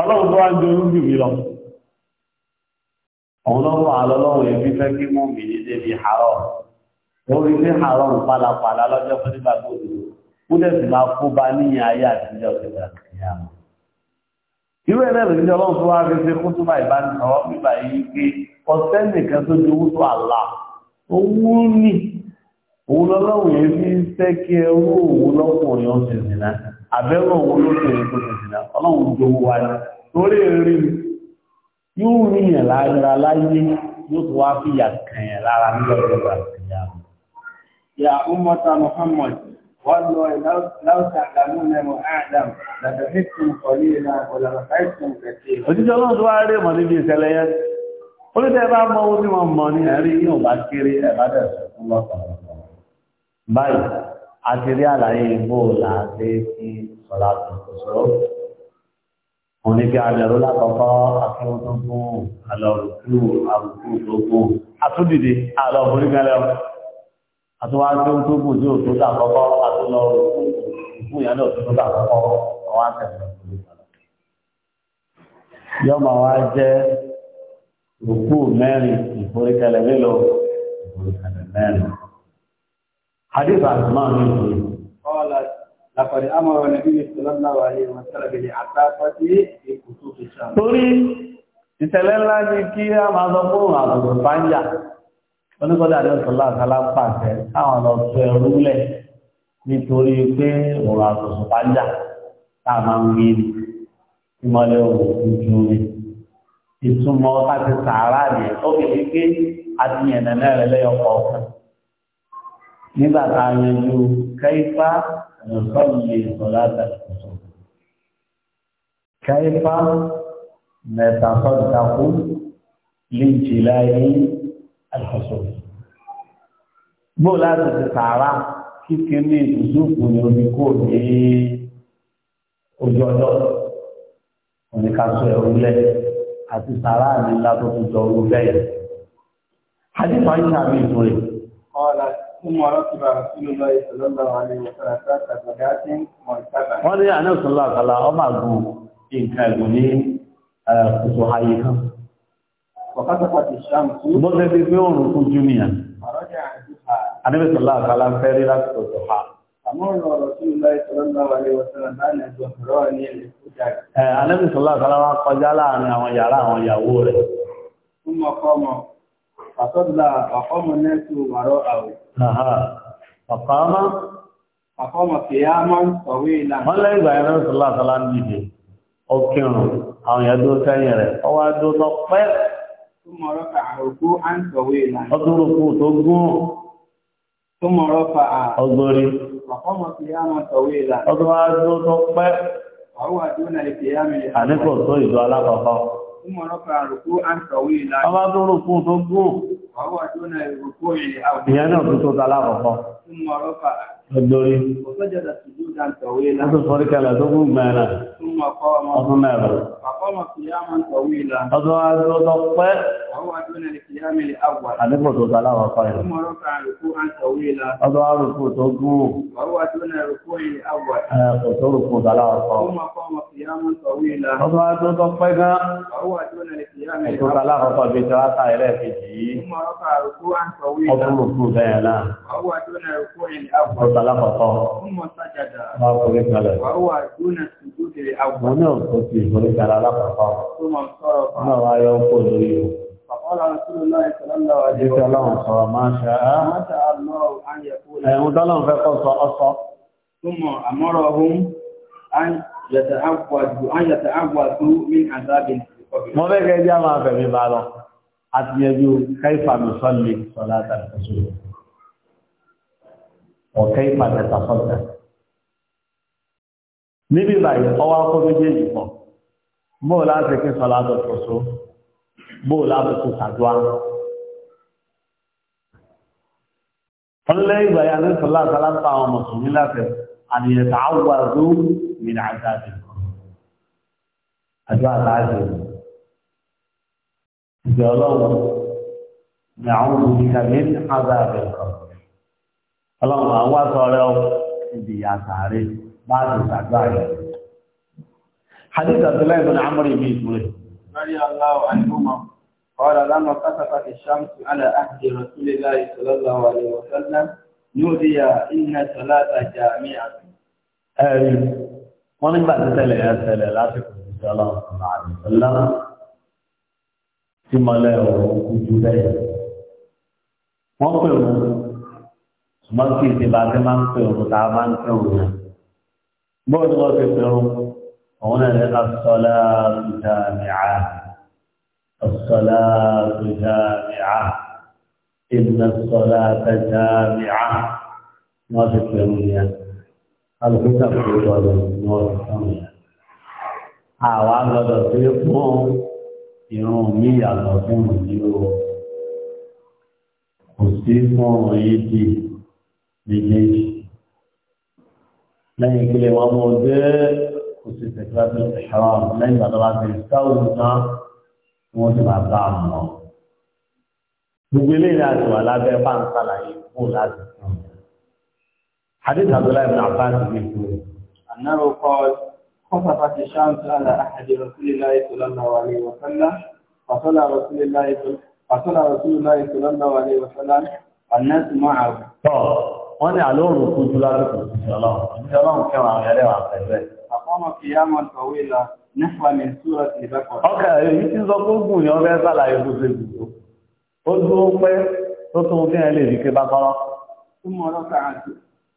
ọlọ́run tó wá ń jó ojú mi lọ. òun lọ́wọ́ àlọ́lọ́wọ́ yẹn fífẹ́ kí mú mi ní débi àárọ̀. ó rí ó dẹ̀ sì máa kó bá ní ayé àtijọ́ ìgbà kìíyà mọ́. irú ẹ̀rẹ́ lè ní ọlọ́run tó wá fi ṣe kó tó bá ìbánisọ̀rọ̀ nígbà yìí pé ọ̀sẹ́ nìkan tó di owó tó àlà owó ní òun lọ́lọ́run yẹn fi ń fẹ́ kí ẹrú òun lọ́kùnrin ọ̀sẹ̀ ìsìnà àbẹ́rù òun lókèrè tó ti والله لو تعلمون وأعلم لضحكتم قليلا ولضحكتم كثيرا. òjíṣẹ́ ọlọ́run tó wá rí mọ̀ níbi ìṣẹ̀lẹ̀ yẹn ó lè tẹ́ bá mọ ohun tí wọ́n mọ ní ẹ̀rí yóò bá kéré ẹ̀bá dẹ̀sẹ̀ fún lọ́sọ̀rọ̀ báyìí a ti rí àlàyé ìbò làásé sí sọ̀rọ̀ àtúnṣe òun ní bí alẹ́rú lákọ̀ọ́kọ́ akẹ́wọ́n tó gún alọ́rùkú àrùkú tó gún àtúwá tó ń tó gùn tí ò tó dà kọ́kọ́ àtúlọ òkú ìyá náà tó tó dà kọ́kọ́ àwọn àtẹ̀sán yọmọ wa jẹ́ òkú mẹ́rin ìforíkalẹ̀ mélòó ìforíkalẹ̀ mẹ́rin. حديث عثمان بن مسعود قال لقد امر النبي صلى الله عليه وسلم بالعتاقه في كتب الشام. torí ìṣẹ̀lẹ̀ ńlá ni kí a máa sọ fún onígbọ́dọ̀ àdéhùnsọ́lá àtàlà ń pàṣẹ káwọn lọ tó ẹrú lẹ̀ nítorí pé ọ̀rọ̀ àtòsùn bá jà tá a máa ń wí ni ìmọ̀lẹ́ òògùn ju ni ìtumọ̀ láti sàárà ni ó fi fi pé àtìyànnà náà rẹ lẹ́yọkọ̀ ọ̀kan nígbà tá a yanjú kẹ́ifá nìsọ́ọ̀lì ìsọ̀lá tẹ̀sán kẹ́ifá mẹ́ta sọ́dọ̀tàkú lè jìlá yìí alifasọ̀rọ̀ gbọ́ láti ti sàárà kíkẹ́ ní ìdúzùkú ní omi kò ní ojú ọjọ́ oníkàtọ́ ẹ̀rú lẹ̀ àti sàárà ní látọ̀ tó jọ orú bẹ́ẹ̀. Hadith wa ìṣà mi ìtò rẹ̀. Ọ̀la fún ọ̀rọ̀ tí bàbá sí lọ́lọ́ ìṣẹ̀lọ́lọ́ àlẹ́ ìṣẹ̀lọ́ àtàgbàdá sí mọ̀ ìtàgbà. Wọ́n ní àná ìṣẹ̀lọ́ àkàlà ọmọ bó ṣe ti pé òòrùn fún júnìyà aníbẹ̀sọ̀lá àkàlà ń fẹ́rí láti tọ̀tọ̀ ha aníbẹ̀sọ̀lá àkàlà wá kọjá láàrin àwọn yàrá àwọn ìyàwó rẹ̀ Ọ̀pàámá Àkọ́mọ̀ kìyàmọ́ sọ̀wé ìlànà. Wọ́n lẹ́yìn ìgbà ẹ̀rọ ìsọ̀lá àtàlá ń dìde, ọkìrùn-ún, àwọn ìyàdó sẹ́yìn rẹ̀, ọwá dó lọ pẹ́ ثم رفع ركوعا طويلا أضرب تضمو ثم رفع أضرب وقام قياما طويلا أضرب تضمو وهو دون القيام لحدث أنك أصيب على قفا ثم رفع ركوعا طويلا أضرب تضمو ìyẹn náà tó tó tala àkọ́kọ́ lórí ó tún sọ́rí kẹlẹ̀ tó kún mẹ́rin ọdún mẹ́rin ọdún ọdún pẹ́ àdínkù tó tala àkọ́kọ́ yẹn ọdún arùkù tó gún ẹ̀kọ́ tó rùkù tala àkọ́kọ́ ọdún ọdún pẹ́ gan ẹ̀kọ́ tala àkọ́kọ́ bí tẹ́lá رفع ركوعا طويلا أظن ركوع لا وهو دون ركوع الأول وطلقه ثم سجد وهو دون السجود الأول ونعم قلت فرق على لقطه ثم انصرف ما لا يقول فقال رسول الله صلى الله عليه وسلم ما شاء ما شاء الله أن يقول أيهم دلهم فقص أصف ثم أمرهم أن يتعودوا أن يتعودوا من عذاب قبل. ما بقى جماعة في بالهم àti yẹjú káìfà nùsọ́lì sọ́lá tàbí ọ̀ káìfà tẹ̀tà sọ́tà. Níbi báyìí, ọwọ́ akọ́ méjèèjì pọ̀, bóò láti kí sọ́lá tọ̀tọ̀sọ́, bóò láti kí sàdúrà. Ọlẹ́ ìgbà yà ní sọ́lá sọ́lá ń pa àwọn mùsùlùmí láti àníyàn tàwọn wà rú mi ní àjáde. Àjọ àtàjì rẹ̀. ìgbà ọlọ́run ni àwọn olùkàmí ń hábà rẹ̀ kọ̀. ọlọ́run àwọn wá sọ̀rọ̀ ibi àtàrí bá ti sàgbà rẹ̀. hadith abdullahi bin amr ibn ismail. رضي الله عنهما قال لما خسفت الشمس على عهد رسول الله صلى الله عليه وسلم نودي إن صلاة جامعة. أي. wọ́n nígbà tí tẹ́lẹ̀ yẹn tẹ́lẹ̀ lásìkò ìṣẹ́ ọlọ́run sọ̀rọ̀ àdìsọ́lá tí mo lẹ ọ̀rọ̀ ojú bẹ́ẹ̀. Wọ́n pè wọ́n ṣùgbọ́n kí ìdí bá ti ma ń pè wọ́n tá a máa ń pè wọ́n yẹn. ti ni wọ́n ti pè wọ́n, òun náà ní asọ́lá tuta mìíràn. Asọ́lá tuta mìíràn. Ìdùnnà sọ́lá tuta mìíràn. Wọ́n ti pè wọ́n yẹn. Alùpùpù àti ìwọ́n lọ sí wọ́n sọ̀rọ̀ yẹn. Àwọn àgbàdo ti fún un. irun mi yàtọ̀ fún òní o kò sí fún ọ̀rọ̀ yìí di méjèèjì lẹ́yìn ìpínlẹ̀ wọn mọ̀ dé kò sí tẹ̀síwájú ìṣọ́rọ̀ lẹ́yìn ìgbà tó bá ti sáwùn tán tí wọ́n ti máa bá a mọ̀ gbogbo eléyìí ni a ti wà lábẹ́ fáńsálà yìí kó láti fún un. hadith abdullahi bin abbas bin kúrò. anáró kọ́ خطفت الشمس على أحد رسول الله صلى الله عليه وسلم فصلى رسول الله فصلى رسول الله صلى الله عليه وسلم الناس معه. wọ́n ní àlóòrùn kú jù lásìkò ìṣẹ́ ọlọ́run ìṣẹ́ ọlọ́run kẹwàá àwọn ẹlẹ́wà pẹ̀lú àkọ́mọ̀ kí yá mọ́ tọ̀wé la nípa mi súra ti bẹ́kọ̀. ọkà èyí tí ń sọ pé gùn yàn fẹ́ sàlàyé bó ṣe gùn tó ó dúró pẹ́ tó tún kí ẹ lè rí pé bá kọ́rọ́. túmọ̀ ọlọ́kà àti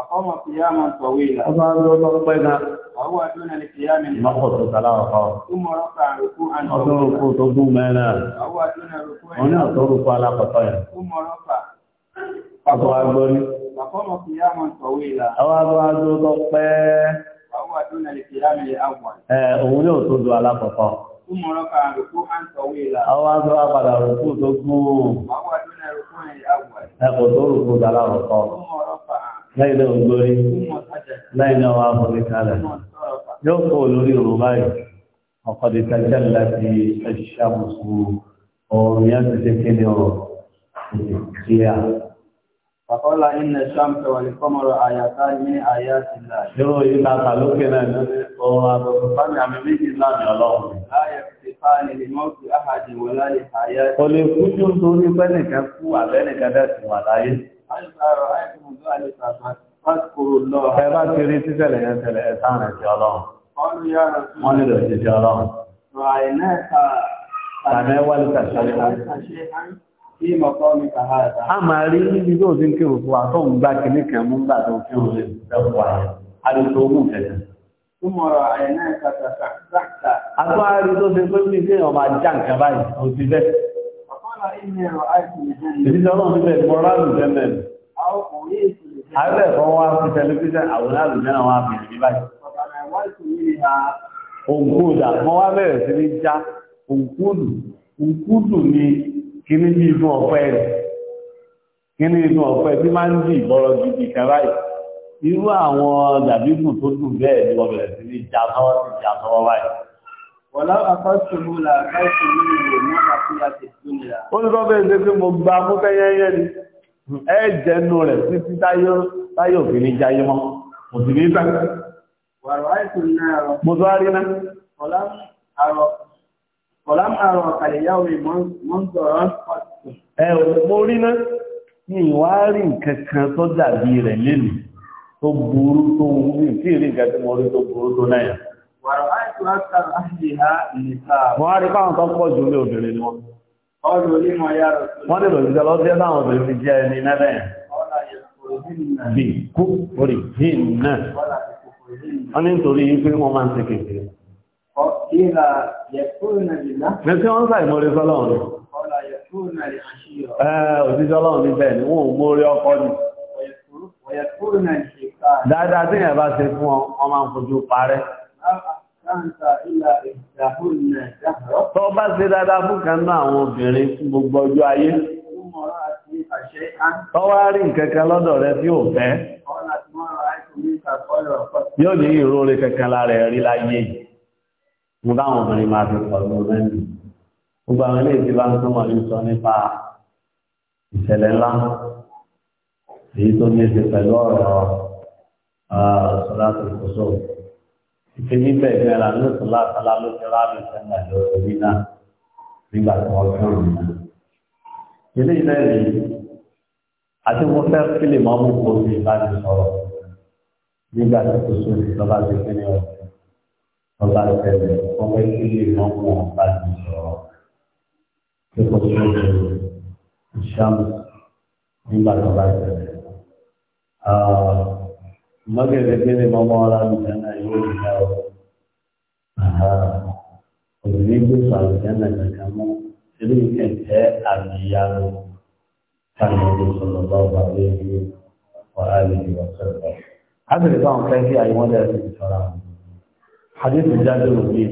Àkọ́mọ̀ kìyàmà tọ̀wé ìlà. Ọba ọlọ́run pẹ́ gan. Àwọn àdúrà ní kìyàmà ní. Mọ́kọ̀ tó tàlá ọkọ. Túmọ̀ rọ́kà rúkú àná. Ọdún rúkú tó gún mẹ́rin. Àwọn àdúrà rúkú ẹ̀. Wọ́n ní ọ̀tọ́ rúkú alákọ̀tọ̀ yẹn. Túmọ̀ rọ́kà. Pàtó wa gbọ́ ní. Àkọ́mọ̀ kìyàmà tọ̀wé ìlà. Àwọn àdúrà tó pẹ́. Àwọn àdúrà ní kìyàmà ní àwọn. Ẹ òun ní òtó do alákọ̀tọ̀. Túmọ̀ rọ́kà rúkú àná tọ̀wé ìlà. Àwọn àdúrà padà rúkú tó gún. Àwọn àdúrà rúkú ẹ̀ àwọn. Ẹ kò tó rúkú dàlá rọ̀kọ̀. Túmọ̀ rọ́kà láìlẹ ògbórí láìlẹ wà fọlẹ kálẹ yóò kó lórí òun báyìí ọkọdé tajà láti ṣàmùsù ọrùn yẹn ti ṣe kéde ọ̀rọ̀ ìṣẹ̀yà. Àkọ́lá iná ṣàmùsù wà ní kọ́mọ̀rọ̀ àyàtá ní àyà ti là. Yóò yí ta ta lókè náà ní ọrùn àbọ̀tún fámi àmì méjì láàmì ọlọ́run. Láyé ti fa ni mọ́ Ẹ bá ti rí títẹ̀lẹ̀ yẹn tẹ̀lẹ̀ ẹ̀sán rẹ̀ sí ọlọ́run. Wọ́n nílò sí sí ọlọ́run. Tàbẹ́ wà ní tàṣẹ́ A máa rí níbi tó ti ń kí òkú wa tó ń gbá kìíní kan mú gbà tó kí òun lè fẹ́kù wa. A lè tó mú kẹ̀kẹ́. A tó á rí tó ṣe pé bí kí ọmọ ajá nǹkan báyìí, ó ti bẹ́ẹ̀. Ìdíjọ́ náà níbẹ̀ ìgbọ́nrán àlùjẹ́mẹ̀. Àbẹ̀ kan wá sí tẹlifíṣàn àwòrán àlùjẹ́mẹ̀ wọn àbẹ̀ ní báyìí. Òǹkúdà, wọ́n wá bẹ̀rẹ̀ sí ní já òǹkúdù. Òǹkúdù ni kíní bí inú ọ̀pẹ rẹ̀. Kíní inú ọ̀pẹ tí máa ń dì bọ́rọ̀ gidi kẹrà yìí. Irú àwọn dàbíkù tó dùn bẹ́ẹ̀ ni wọ́n bẹ̀rẹ̀ sí ní já sọ́wọ́ sí já sọ́wọ́ báyìí. Ó ní sọ́bẹ̀ ìṣẹ́ pé mo gba fúnfẹ́ yẹ́yẹ́ ni, ẹ jẹnu rẹ̀ títí táyọ̀ fi ní jayé mọ́, mo sì ní ìta. Mo sọ rí náà. Ọlám àrọ̀ kàlẹ̀yàwó ìmọ́ntọ̀rọ̀ pàtàkì. Ẹ mo rí náà, ní ìwá rí nǹkankan tó dàbí rẹ̀ lélù tó burú tó wú ní ìfìrí nǹkan tí mo rí tó burú tó náà. Wọ́n rí káwọn tó pọ̀ jù ní obìnrin ni wọ́n. Wọ́n lè lòdì jọlọ tí láwọn obìnrin fi jẹ́ ẹni nẹ́bẹ̀. Bí kú orí hìn náà. Wọ́n ní nítorí pé wọ́n máa ń ṣe kékeré. Mẹ́sí wọ́n sàì mórí sọ́lọ́run. Òjíṣẹ́ ọlọ́run ní bẹ́ẹ̀ ni wọ́n ò mórí ọkọ ni. Dáadáa tí ìyẹn bá ṣe fún ọ, wọ́n máa ń fojú parẹ́. Tọ́ bá ṣe dáadáa fún kan náà àwọn obìnrin fún gbogbo ọjọ́ ayé. Tọ́ wá rí nǹkankan lọ́dọ̀ rẹ tí ò fẹ́. Yóò ní ìróore kankan lára ẹ̀rí láyé. Mo dáwọn obìnrin máa fi pọ̀ lọ lẹ́nu. Gbogbo àwọn ilé ìdíbá ń túnmọ̀ ní sọ nípa ìṣẹ̀lẹ̀ ńlá. Èyí tó ní ṣe pẹ̀lú ọ̀rọ̀ sọ́lá tó kò ìṣèjì bẹ́ẹ̀ ní ẹ̀rọ ló sọlá sọlá ló ti rá lè sẹ́nà lórí náà nígbà tí wọ́n fẹ́ òun náà. ilé ilé rè àti mo fẹ́ kí lè máa mú kó o sì bá ti sọ̀rọ̀ nígbà tí kò sóri lọ́ba ti fi ní ọ̀sẹ̀ lọ́ba tẹ̀lé wọ́n fẹ́ kí lè máa mú wọn bá ti sọ̀rọ̀ tí kò sóri ìṣàmù nígbà tí wọ́n bá tẹ̀lé. مگر دې مولا نه یو ځای Rodrigo Santana Nakamo sirri kan jẹ́ àmìyanu kánàbí sọlọ́lọ́wọ́ àléhìí wà áléhìí wà sọ̀rọ̀. Hádìrí báwọn fẹ́ kí àyè wọ́n dẹ̀rẹ̀ sí sọ̀rọ̀ àwọn. Hadith jáde rò bí.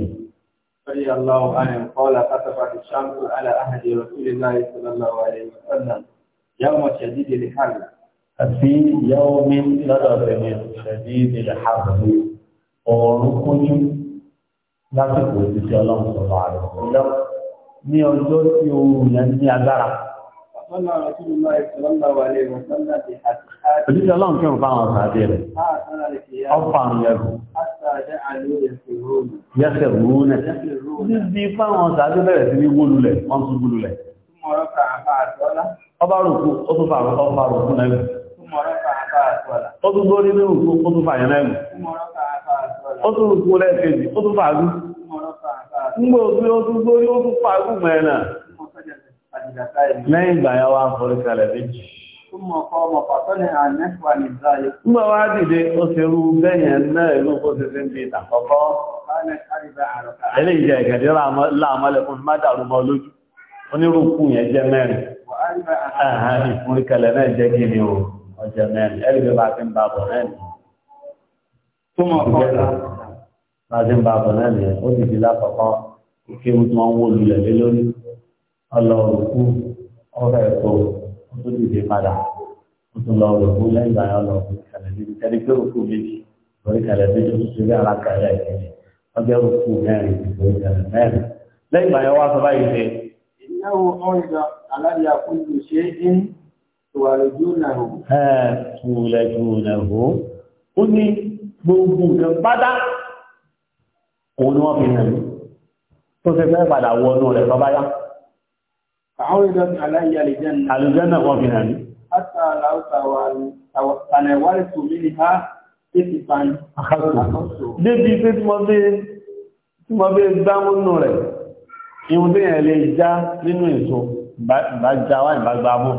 رضي الله عنه قال خطبت الشمس على أهل رسول الله صلى الله عليه وسلم يوم شديد الحر àti ìyàwó mi lọ́dọ̀ tẹ̀lé ṣẹ̀dí ìdílé àbúrò ọ̀run kúnjú lásìkò ìdíje ọlọ́run sọ̀rọ̀ àrùn ọ̀lá ní ọjọ́ tí oòrùn yẹn ní agbára. Òjíṣẹ́ ọlọ́run kí n bá wọn sàdé rẹ̀. Ọ̀pọ̀ àwọn ẹ̀rù. Yẹ́sẹ̀ rúnẹ̀. Níbi fáwọn sàdé bẹ̀rẹ̀ sí ní wólulẹ̀, wọ́n tún wólulẹ̀. Ọba rùkú, ó tún náà ó tún gbórí ní òkú ó tún fàyẹ̀ lẹ́nu ó tún rùkú lẹ́ẹ̀kejì ó tún fàágú ńgbò pé ó tún gbórí ó tún fàágú mẹ́ẹ̀nà lẹ́yìn ìgbà yẹn wá forí kalẹ̀ méjì Nígbà wá dìde ó ṣe rú bẹ́yẹn náà inú kó ṣe ṣe ń bí ìtàkọ́kọ́. Ilé ìjẹ ìkẹ̀dẹ́ láàmọ́lẹ̀ fún mádàrúmọ́ lójú. Onírúkú yẹn jẹ́ mẹ́rin. Ìfúnríkẹlẹ̀ náà jẹ́ kí ni ọjọ́ mẹ́rin ẹ̀rí bí wàá fi ń ba bọ̀ mẹ́rin. tó mọ̀ kọ́ la wàá fi ń ba bọ̀ mẹ́rin yẹn ó sì fi lákọ̀ọ́kọ́ ike ohun tí wọ́n ń wó lulẹ̀ lé lórí ọlọ́ọ̀rùkú ọ̀rọ̀ ẹ̀kọ́ ó tó dìde padà ó tún lọ rùkú lẹ́yìn ìgbà yẹn ọlọ́ọ̀rùkú kẹlẹ̀ níbi kẹlẹ̀ pé òkú méjì lórí kẹlẹ̀ méjì ó tún ti rí alákàlẹ̀ kẹlẹ̀ ọjọ́ òkú mẹ́rin lórí kẹlẹ̀ mẹ́rin lẹ́yìn ìgbà yẹn wá sọ báyìí ṣe é tùwàlẹ̀júnàhù ó ní gbogbo nǹkan pátá òun ni wọ́n fi hàn tó fẹ́ fẹ́ padà wọ ọ̀nà rẹ̀ bàbá yá àlùjẹ́nà wọ́n fi hàn débi pé tí wọ́n bí gbámúnú rẹ̀ ihun tí yẹn lè já nínú èso bá já wá ìbágbà mọ́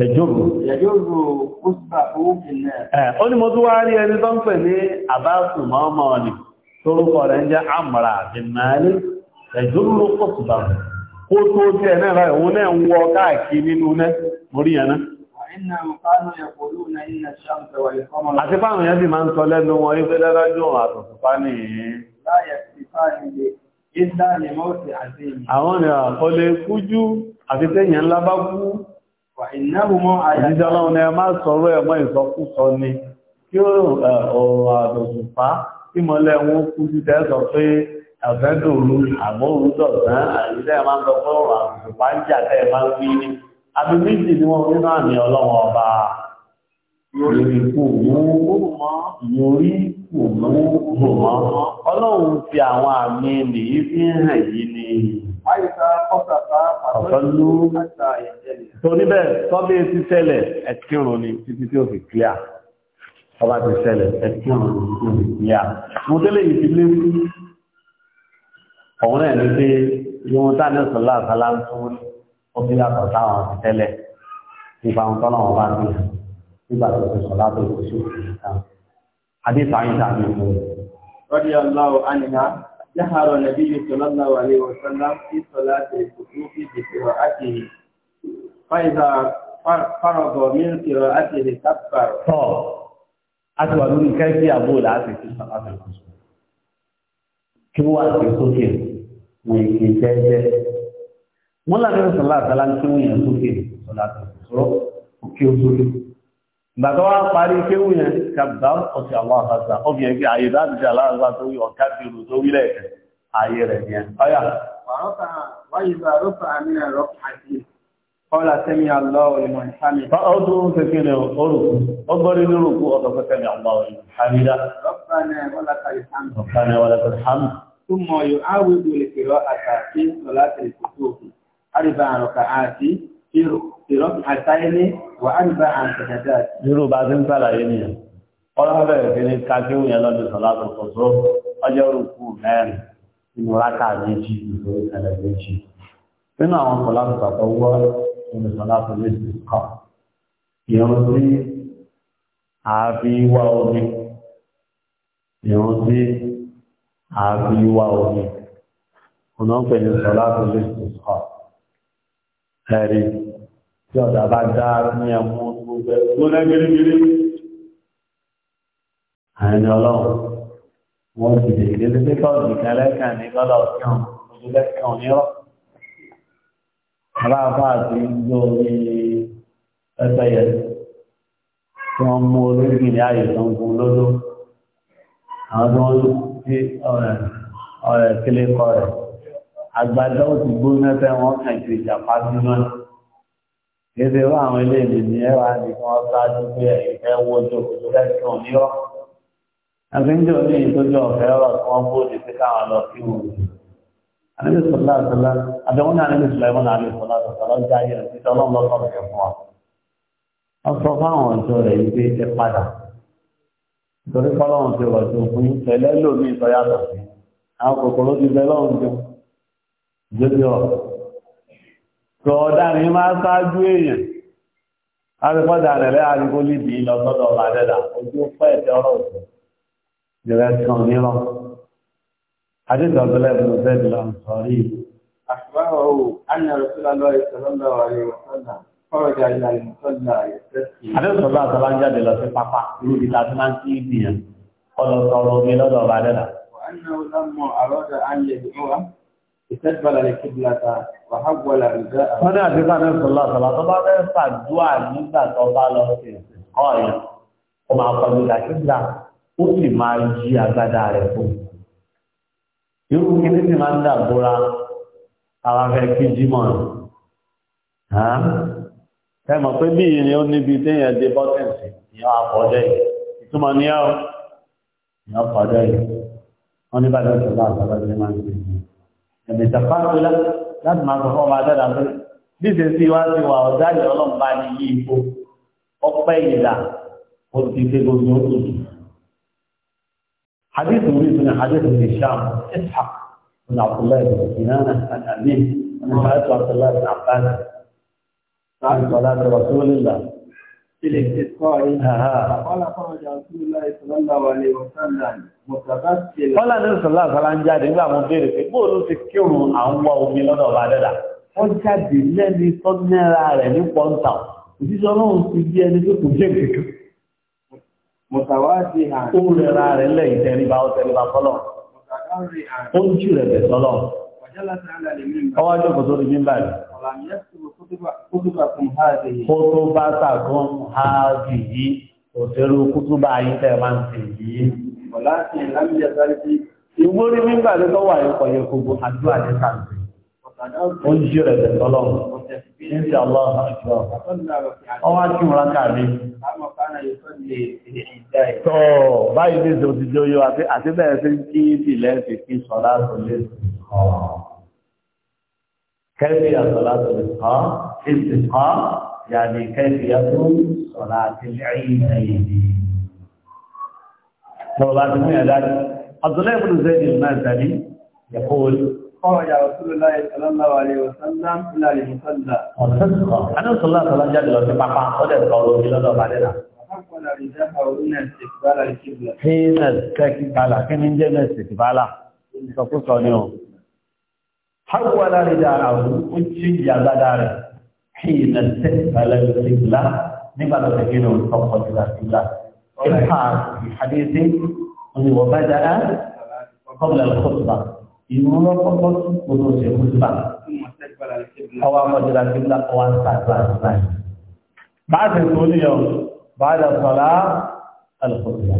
Yẹjọ́rò. Yẹjọ́rò ó gbà owó ìlẹ̀. Ẹ̀ ó ní mo tún wá rí ẹni tó ń pè ní Àbáṣù Mọ́mọ́ ni tó rúkọ rẹ̀ ń jẹ́ Àmàrà Àbìmáàlì. Yẹjọ́rò ló pọ̀ sí bàbá. Ó tó tí ẹ̀ náà ráyẹ̀ òun náà ń wọ káàkiri nínú náà mórí yẹn náà. Àti fáwọn yẹn Ìjíjẹ́ ọlọ́run ni ẹ máa sọ̀rọ̀ ẹ̀mọ́ ìsọkúsọ ni kí ọ̀rọ̀ àdọ̀sùnfà tí mọ́lẹ̀ wọn kú sí tẹ́sọ pé ẹ̀fẹ́dòrú àmóhùndọ̀sán àìsẹ́ máa ń sọ pé ọ̀rọ̀ àdọ̀sùnfà ń jà tẹ́ máa ń wí ní. Àbí méjì ni wọ́n nínú àmì ọlọ́run ọba lórí kò mú lórí kò mú mọ́. Ọlọ́run fi àwọn àmì nìyí fi hàn yìí ni ọ̀sọ́lú tó níbẹ̀ tọ́bí ti ṣẹlẹ̀ ẹ̀kírùn ni títí tí ó fi kíyà ọba ti ṣẹlẹ̀ ẹ̀kírùn ni títí ó fi kíyà mo tẹ́lẹ̀ yìí ti lé sí ọ̀hún ẹ̀lú pé yóò tá ní ọ̀sán láàkálá ń tó ní ó fi yàtọ̀ táwọn ti tẹ́lẹ̀ nípa ohun tọ́lọ́ wọn bá ní nígbà tó ti sọ látọ̀ سهر النبي صلى الله عليه وسلم في صلاة الكسوف بقراءته فإذا فرض من قراءته كبر. Àtiwà lórí kẹ́kẹ́ àbúrò láti fi sọ́lá fẹ́ lọ́sọ̀. Kí wọ́n wá sí sókè wọ́n èké jẹ́jẹ́. Wọ́n lábẹ́rẹ́ sọ́lá àtàlá ń kí wọ́n yẹn sókè sọ́lá fẹ́ lọ́sọ̀ òkè òṣòro bàtọ́ wá parí kéwù yẹn kàbdá ọ̀sì aláàbàtà ọ̀fì ẹgbẹ́ ayé láti ṣe aláàbà tó yọ ọ̀ká ti rù tó wílẹ̀ ayé rẹ̀ yẹn ọ̀yà. Ọlá sẹ́mi aláwọ̀ ìmọ̀ ìsámi. Ó tó ń fẹ́kẹ́ ní orùkú, ó gbọ́rí ní orùkú ọ̀tọ̀ fẹ́kẹ́ ní aláwọ̀ ìmọ̀ ìsámi dá. Rọ́pàá ní ọlọ́ta ìsámi. Rọ́pàá ní ọlọ́ta ìsámi. Túnmọ̀ yóò áwùdó lè kèrọ àtàkì Irú bá ti ń sàlàyé ni ọlọ́run bẹ̀rẹ̀ sí ní kákíwù yẹn lọ́dún sọ̀lá tó kọ̀ tó ọjọ́ òkú mẹ́rin nínú rákà méjì ìlú ìṣẹ̀lẹ̀ méjì. Nínú àwọn sọ̀lá tó pàtó wọ́ nínú sọ̀lá tó méjì kọ̀. Ìrun sí àfi wá omi. Ìrun sí àfi ní sọ̀lá tó méjì tí ọ̀dà bá dá ní ẹ̀mú gbogbo ẹ̀ gbóná gírígírí. àwọn ẹni ọlọ́run wọ́n ti lè dé lé pẹ́kọ́ọ̀dù kẹlẹ́kàn ní gbọ́dọ̀ kàn ojú lẹ́kàn onírọ̀. aláàbá àti ìjọ orí ẹsẹ̀ yẹn tí wọ́n mú olóògì ní ààyè tó ń gun lódó. àwọn tó ń ti ọ̀rẹ́ ọ̀rẹ́ kílé kọ́ rẹ̀ àgbàdo ti gbóná tẹ́ wọ́n kàn ju ìjàpá sí náà kéde wá àwọn ilé ìlú ní ẹwà ní kí wọn ṣáájú pé ẹ̀yìn fẹ́ wó ojú òkúta lẹ́sìn òní rọ àfihàn òní ìtọ́jú ọ̀fẹ́ ọ̀rọ̀ tí wọn bóde sí káwọn lọ sí wọn. àníbi sọlá sọlá àbẹ̀wò ní àníbi sọlá ìmọ̀ àníbi sọlá sọlá ọjà ayé rẹ̀ títí ọlọ́run lọ́sọ̀ rẹ̀ fún wa. wọ́n sọ fáwọn ọ̀dọ́ rẹ̀ yìí pé ẹ padà nítorí fọlọ́run ti rọ̀ ju fún tẹ̀lẹ́ lómi ìtọ́yàtọ̀ sí àwọn kòkòrò ti bẹ lọ́run ju jójú sọ ọ̀daràn máa ṣáájú èèyàn arẹ́pọ̀dà rẹ̀lẹ́ arigbó níbi ìlọ́sọ́dọ̀ ọba dẹ́dà ojú pẹ́ ẹ̀tẹ́ ọ̀rọ̀ òṣù ìrẹ́ kan nílọ adéjọ́gbẹ́lẹ́ fún sẹ́ẹ̀dì lọ sọ̀rí. àṣùbáwò àná rẹ̀sílá lọ ìṣẹ̀lọ́lọ́ àrẹ ìwọ̀sọ́lá kọ́rọ̀dà ìlà ìmọ̀sọ́lá ìṣẹ́sì. adéjọ́gbẹ́lẹ́ àtọ́lá ń jáde lọ sí pápá irú ìta tí máa ń kí ìdìyàn ọlọ́sọ̀rọ̀ omi lọ́dọ̀ ọba dẹ́dà. wà á náwó lámọ̀ ìtẹ́gbàlà lè kí bìlàtà wàhágbọ́là ìgbà àwọn. wọ́n ní àdúgbò àmì ìfọ̀lá ọ̀sọ̀lá tó bá fẹ́ fàdúà nígbà tó bá lọ sí ìsìnkọ́ yẹn ó máa kọ́ mi là kíbla ó sì máa yí agbádá rẹ̀ fún mi. irú kíní sì máa ń dàbúra àwọn afẹ́ kí jímọ̀ rẹ̀. ẹ mọ̀ pé bí ìyẹn ó níbi téèyàn dé bọ́tẹ̀sì ìyẹn àfọ̀jẹ́ yìí ìtumọ̀ níyàwó ìyẹn àfọ̀jẹ́ yìí wọ́n ní bá ẹ̀mẹ̀tàkọ́tọ́lá láti máa sọ fún ọmọ adára pé bí ṣe sí wá sí wa ọ̀dá ìyá ọlọ́mọba ni yí ipò ọpẹ́ ìlà ó ti ṣe gbogbo oṣù. حديث مريض من حديث ابن هشام اسحق بن عبد الله بن سنان عن ابيه عن عبد الله بن عباس عن صلاه رسول الله بالاستسقاء قال خرج رسول الله صلى الله عليه وسلم متغسلا قال النبي صلى الله عليه وسلم jáde nígbà mo béèrè pé bó ló ti kírun àwọn wa omi lọ́dọ̀ ọba dẹ́dà wọ́n jáde lẹ́ni tọ́nẹ́ra rẹ̀ ní pọ́ńtà òṣìṣẹ́ ọlọ́run ti di ẹni tó kò jẹ́ kékeré. mọ̀tàwádìí hàn. ó rẹra rẹ̀ lẹ́yìn tẹríba ó tẹríba fọlọ́. mọ̀tàkárì hàn. ó ń jù rẹ̀ bẹ̀ sọlọ́ ọwọ́ àjọkọ̀ sórí mímbà rẹ̀ kótóbá sàkún háàbì yìí òṣèrú kútúbà ayíntẹ́ máa ń tè yìí ìwórí mímbà rẹ̀ tó wà ẹ̀kọ́ yẹ gbogbo àdúrà ní sàǹtì ó ń jí rẹ̀ tọ́lọ́ ní ti aláhà àjọ ọwọ́ tí wọ́n rákà rí tọ́ báyìí ní ìṣẹ́ òtijọ́ yóò àti bẹ́ẹ̀ sí kí ìbílẹ̀ ti kí sọ́lá sọ́lé kẹ́lí àsọ̀lá sọ́lé kọ́ ìsìn kọ́ yàní kẹ́lí àtú sọ́lá ti lẹ́yìn ẹ̀yìn tọ́lá ti mú yàrá Abdullahi ibn Zayd al-Mazani yaqul خرج رسول الله صلى الله عليه وسلم إلى المصلى. أنا صلى الله عليه وسلم جاء له سبعة قدر قالوا إلى الله بعدنا. فحول رداءه من استقبال القبلة. حين استقبال كم من جمع استقبال. فقلت له حول رداءه وجه يا بدر حين استقبال القبلة نبغى نتكلم فقط إلى القبلة. الحاج في حديثه وبدأ قبل الخطبة ìwọ́n lọ́kọ́kọ́ tí kò tó ṣe kó tó bá. ọwọ́ akọ̀jọba kíbla ọwọ́ àtàkùn àtàkùn. báàdì tó ní yọ báàdà sọ̀lá alùpùpù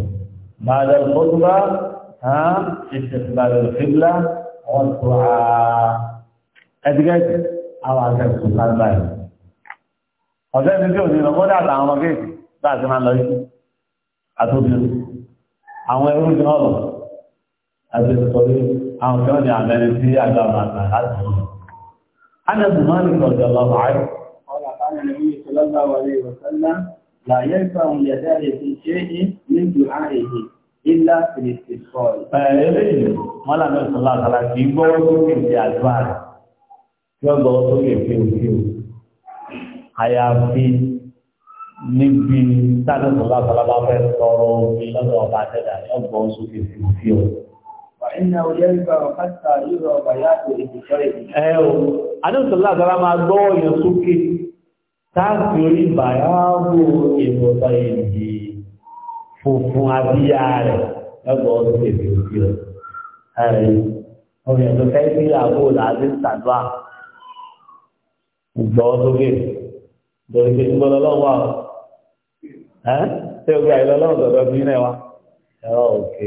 báàdà alùpùpù hàn ìṣẹ̀fìbàdà kíbla wọ́n tó a ẹ̀dígẹ́tì àwọn akẹ́kọ̀ọ́ sáńgbà yìí. ọ̀sẹ̀ ní tí ò ní lọ́kọ́ dàgbà àwọn ọmọkéèkì bá a ti máa lọ yìí àtòbí àwọn ẹrú ní ọ̀lọ́ àti ìsọ̀rí àwọn tó ní àmẹ́rin sí àjọ àmàlà láti rí. Ánàbù máa ń lọ jọ lọ́wọ́ àárẹ̀. Ọ̀rọ̀ àbáyọ̀ ní ìṣẹ́lọ́gbà wọlé ìwọ̀sánlá láyé ìfà òun yẹ̀dá èsì níbi táàdùn sọ́lá fẹ́ sọ̀rọ̀ omi lọ́dọ̀ ọba àtẹ́dà yọ gbọ́wọ́ sókè fíofíò. فإنه يلبى حتى يرى بياض الشيء أيوه أنا صلى الله عليه وسلم أقول يسوكي تاسيري بياض الشيء funfun abíyá rẹ̀ lọ́gbọ̀ ọdún èdè òbí rẹ̀. Ẹ̀rí omi ẹ̀dọ́ fẹ́ sí ìyàwó làásì sàdúà gbọ́ sókè lórí pé ń gbọ́dọ̀ lọ́wọ́ ẹ̀ ṣé o gbà ìlọ́lọ́wọ́ dọ̀dọ̀ bí náà wá ẹ̀rọ òkè.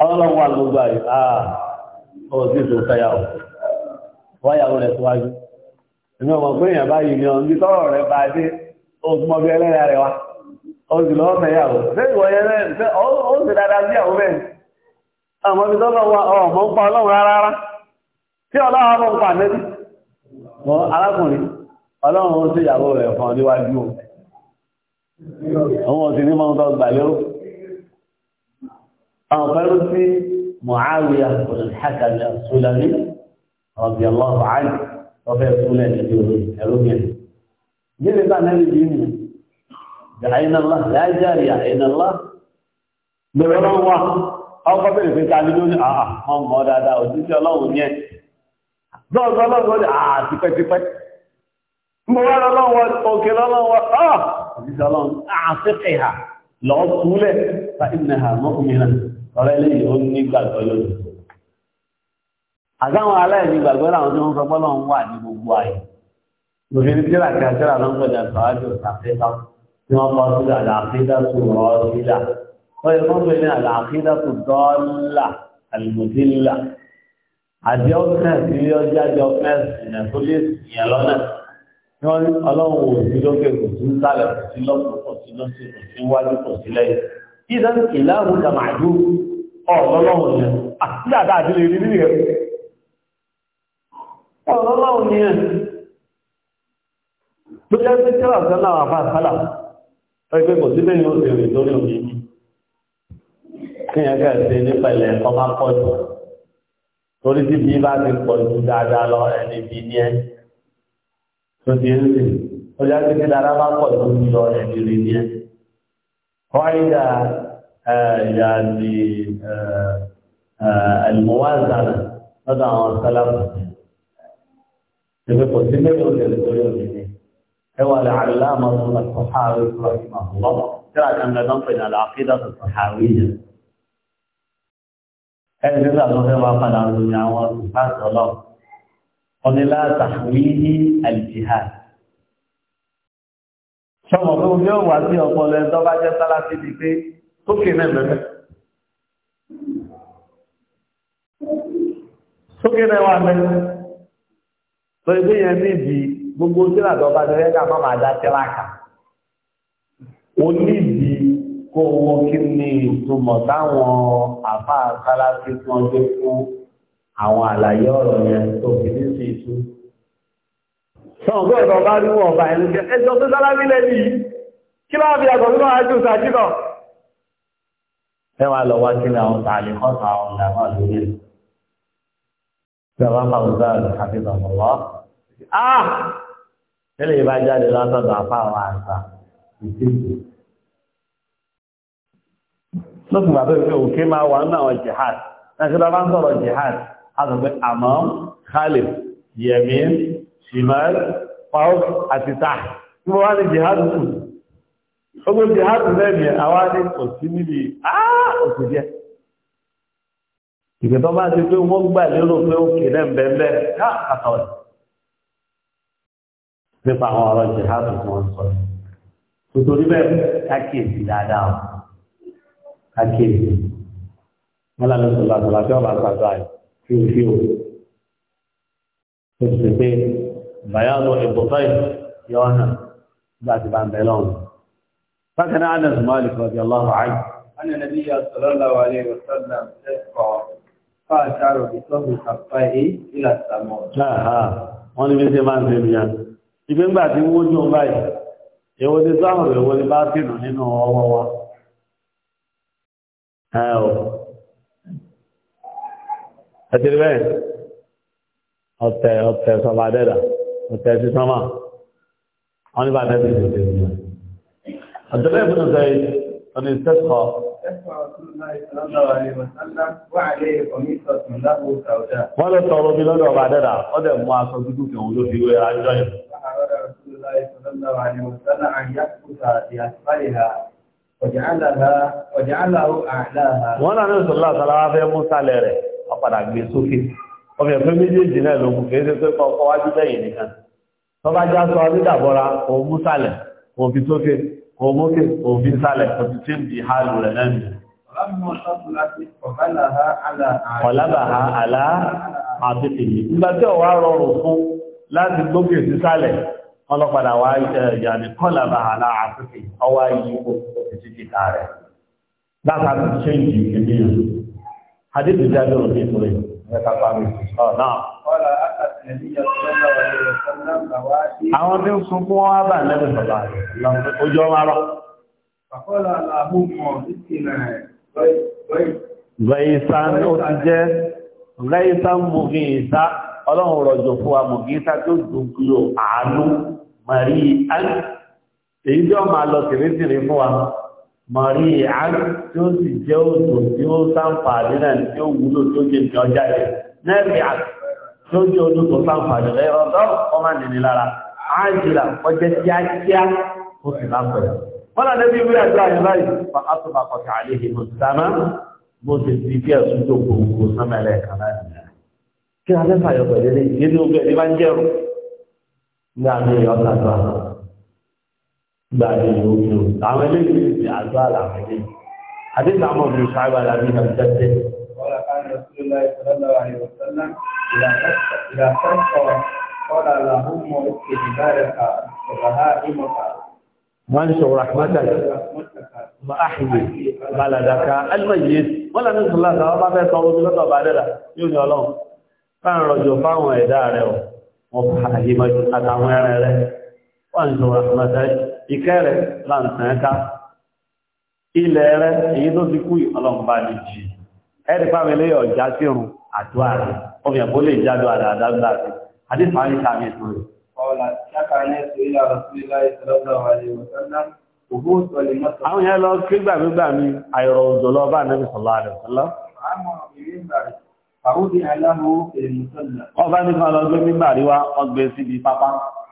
ọlọ́run wà gbogbo àyè àà ọ̀ sí wáyàwó rẹ̀ síwájú ọmọ pé èèyàn báyìí ni ọ̀n bí tọ́rọ̀ rẹ̀ bá dé ogun rẹ̀ wá ó sì ṣé yẹn rẹ̀ ó sì dáadáa sí àwọn bẹ́ẹ̀ ọmọ bí tọ́rọ̀ ọmọ ń pa ọlọ́run rárá rárá tí ọlọ́run ọlọ́run ó sì rẹ̀ fún òun àwọn kan ló sí Muawiya al-Hakam as-Sulami radiyallahu anhu ọ̀fẹ́ súnlẹ̀ níbi orí ẹ̀rọ mẹ́rin gẹ́gẹ́ bá náà níbi ìmú àìnàlá láìjáre àìnàlá bẹ̀rẹ̀ ọlọ́run wà ọkọ̀ bẹ̀rẹ̀ pé ká nínú àà wọn mọ̀ dáadáa òjíṣẹ́ ọlọ́run yẹn lọ́ọ̀dọ́ ọlọ́run wọ́n àà tipẹ́tipẹ́ mo wá lọ́lọ́run wọ́n òkè lọ́lọ́run wọ́n àà ah! òjíṣẹ́ ọlọ́run àà fẹ́kẹ̀ hà lọ́ọ̀ súnlẹ̀ fa ìnà hà mọ́kùnrin náà ọ̀rẹ́ lẹ́yìn ó ní gbàgbọ́ lónìí. àtàwọn aláìní gbàgbọ́ làwọn tí wọ́n sọ pọ́lọ́ ń wà ní gbogbo ayé òfin ní tíra kí àtẹ́rà ló ń gbọ́dọ̀ sàwájú ìsàfẹ́fà tí wọ́n kọ́ sí àlàáfíà tó rọ̀ sílà ó yẹ kó pé ní tó dọ́là àlùmọ̀tìlà àti ọ̀lọ́lọ́run yẹn àti dáadáa àti lè rí nínú ẹ̀ yẹn tó jẹ́ pé tẹ́lá kan náà àfáà sálà pẹ́pẹ́ kò sí lẹ́yìn òṣèrè lórí òní kí ẹgbẹ́ ẹ̀sẹ̀ nípa bá pọ̀ jù dáadáa lọ ẹni ní ẹ tó ti يعني الموازنة هذا السلف يقول سيدي يقول هو العلامة الصحاوي رحمه الله ترى كان ننطق العقيدة الصحاوية كان جزء الله وقال عن الدنيا وصفات الله قل لا تحويه الجهاد شو مطلوب يوم وعزيه قول لن تبعجي ثلاثة sókè náà bẹ̀rẹ̀ sókè náà wà bẹ̀rẹ̀ tó ibi yẹn níbi gbogbo sílà tó bá tẹ̀lé ká má máa dá tẹ́lá kà ó níbi kó wo kí ni ìtumọ̀ táwọn àfa àkàlà ti tán dé fún àwọn àlàyé ọ̀rọ̀ yẹn tó fi ní sí ìtú. sọ̀rọ̀ bí bá rí wọn ọba ẹni jẹ́ ẹjọ́ tó sálábí lẹ́yìn kí láàbí àgbọ̀n nínú àjò sàjì náà ẹwà lọ wá sílẹ̀ àwọn tààlì kọ́ta àwọn ìlànà lórí rẹ̀. Ìjọba máa ń gbá ọ̀rọ̀ àti ìdàmọ̀ lọ. Á! Nílẹ̀ ìbá jáde látọ̀dọ̀ apá àwọn àṣà ìdíje. Lókùn bàbá mi ò ké máa wà nínú àwọn jihad. Ẹ̀sìn bàbá ń sọ̀rọ̀ jihad. A sọ pé àmọ́, Khalif, Yẹ̀mí, Shimal, Paul àti Tah. Bí wọ́n wá ní jihad kù. Ogbó ti há tún lẹ́mì àwá ní òsì níbi ààrùn díẹ̀. Ìgbẹ̀tọ́ bá ti pé wọ́n gbà lérò pé ó kè náà bẹ̀ẹ̀bẹ̀ káàkàtọ̀ rẹ̀. Nípa àwọn ọ̀rọ̀ jihadu tí wọ́n sọ. Tòtòrí bẹ́ẹ̀ kákìyèsí dáadáa. Kákìyèsí. Wọ́n lálẹ́ sọ̀rọ̀ àtọ̀lá tí wọ́n bá sàtọ̀ bàyá lọ ìbùkọ́ yọ̀ ọ́nà nígbà tí bá ń bẹ فكان أنس مالك رضي الله عنه أن النبي صلى الله عليه وسلم استسقى فأشار بصهر خفائه إلى السماء ها wọ́n ní méjì máa ń ṣe ìrìn àjò ìgbé ńgbà tí wọ́n jù báyìí èwo ni sáàrù èwo ni bá tìnà nínú ọwọ́ wa ẹ̀ ọ́ ẹ̀tìrí bẹ́ẹ̀ ọ̀tẹ̀ ọ̀tẹ̀ sọ̀bàdẹ́dà ọ̀tẹ̀ sísánmà wọ́n ní bá tẹ́sí ìṣẹ̀lẹ̀ ìrìn عبد الله بن زيد أن استسقى wọ́n lọ sọ̀rọ̀ bí lọ́dọ̀ ọba méjèèjì náà ló mú ṣe pé wájú nìkan sọ òun mú òun fi òmókè òfin sálẹ̀ ọ̀tútù bí hálù rẹ̀ lẹ́nu. ọ̀lábàá àlá àti tèmi nígbà tí ọ̀wá rọrùn fún láti gbókè sí sálẹ̀ ọlọ́padà wá ìyàní kọ́lábàá àlá àti tèmi ọwá yìí kò sí kíkà rẹ̀ látàrí ṣéǹjì ìgbìyànjú. Adébìjáde òfin torí ẹ̀ka pàmì. Ọ̀ náà. Àwọn tí ń sun fún wọ́n bá nẹ́bí bàbá ojú ọmọ arọ. Gẹ̀ẹ́sán ó ti jẹ́ Gẹ̀ẹ́sán Mùgí Ìsá, ọlọ́run rọ̀jò fún wa Mùgí Ìsá tó dùnkúrò àánú Màrí Àrí. Èyí jọ máa lọ tìrìtìrì fún wa. Màrí Àrí tí ó sì jẹ́ òjò tí ó sáǹfà nílẹ̀ tí ó wúlò tí ó jẹ́ ìjọ jáde. Nẹ́ẹ̀mì àti lójú ọdún tó sáǹfààní rẹ̀ ọ̀dọ́ ọmọ nìní lára ájìlá ọjẹ́ kíákíá ó sì bá pẹ̀lú. wọ́n náà débi ìwé àjọ àyè báyìí fa àtúbà kọ̀ọ̀kẹ́ àlejò mo sàmá mo sì ti fi ẹ̀sùn tó gbogbo sọ́mẹ́lẹ̀ kan láti rẹ̀. kí a lẹ́fà yọ pẹ̀lú ilé yìí ní ogun ẹ̀ bá ń jẹ́rù. gbà mí ọ̀ sàtọ́ àná gbà mí ọ̀ mi ò àwọn eléyìí ti àjọ àlàfẹ́ lé àdéhùn àwọn ọmọ mi إذا تلقى قال اللهم اكفي عبادك وبهائمك وانشر رحمتك واحيي بلدك الميت ولا ننسى الله تعالى ما بين صوت الله وبعدها يقول الله فان رجو فان وإداء له وفحيمك أتعمل له وانشر رحمتك ìkẹ́rẹ̀ láǹtẹ̀ẹ́ká ilẹ̀ rẹ̀ èyí tó ti kú ọlọ́mbà ní jì ẹ̀rì pàmílẹ̀ ọ̀já sírun àdúrà rẹ̀ ọmọ ẹ̀kọ́ lè jádọ àdáadáa sí àdífà ń sàmì ìtàn rẹ̀. àwọn yẹn lọ kí gbàgbégbà mi àìrọ̀ òjò lọ bá nẹ́bí sọ̀lá rẹ̀ sọ́lá. ọba ní kan lọ gbé nígbà rí wa ọgbẹ́ síbi pápá. ó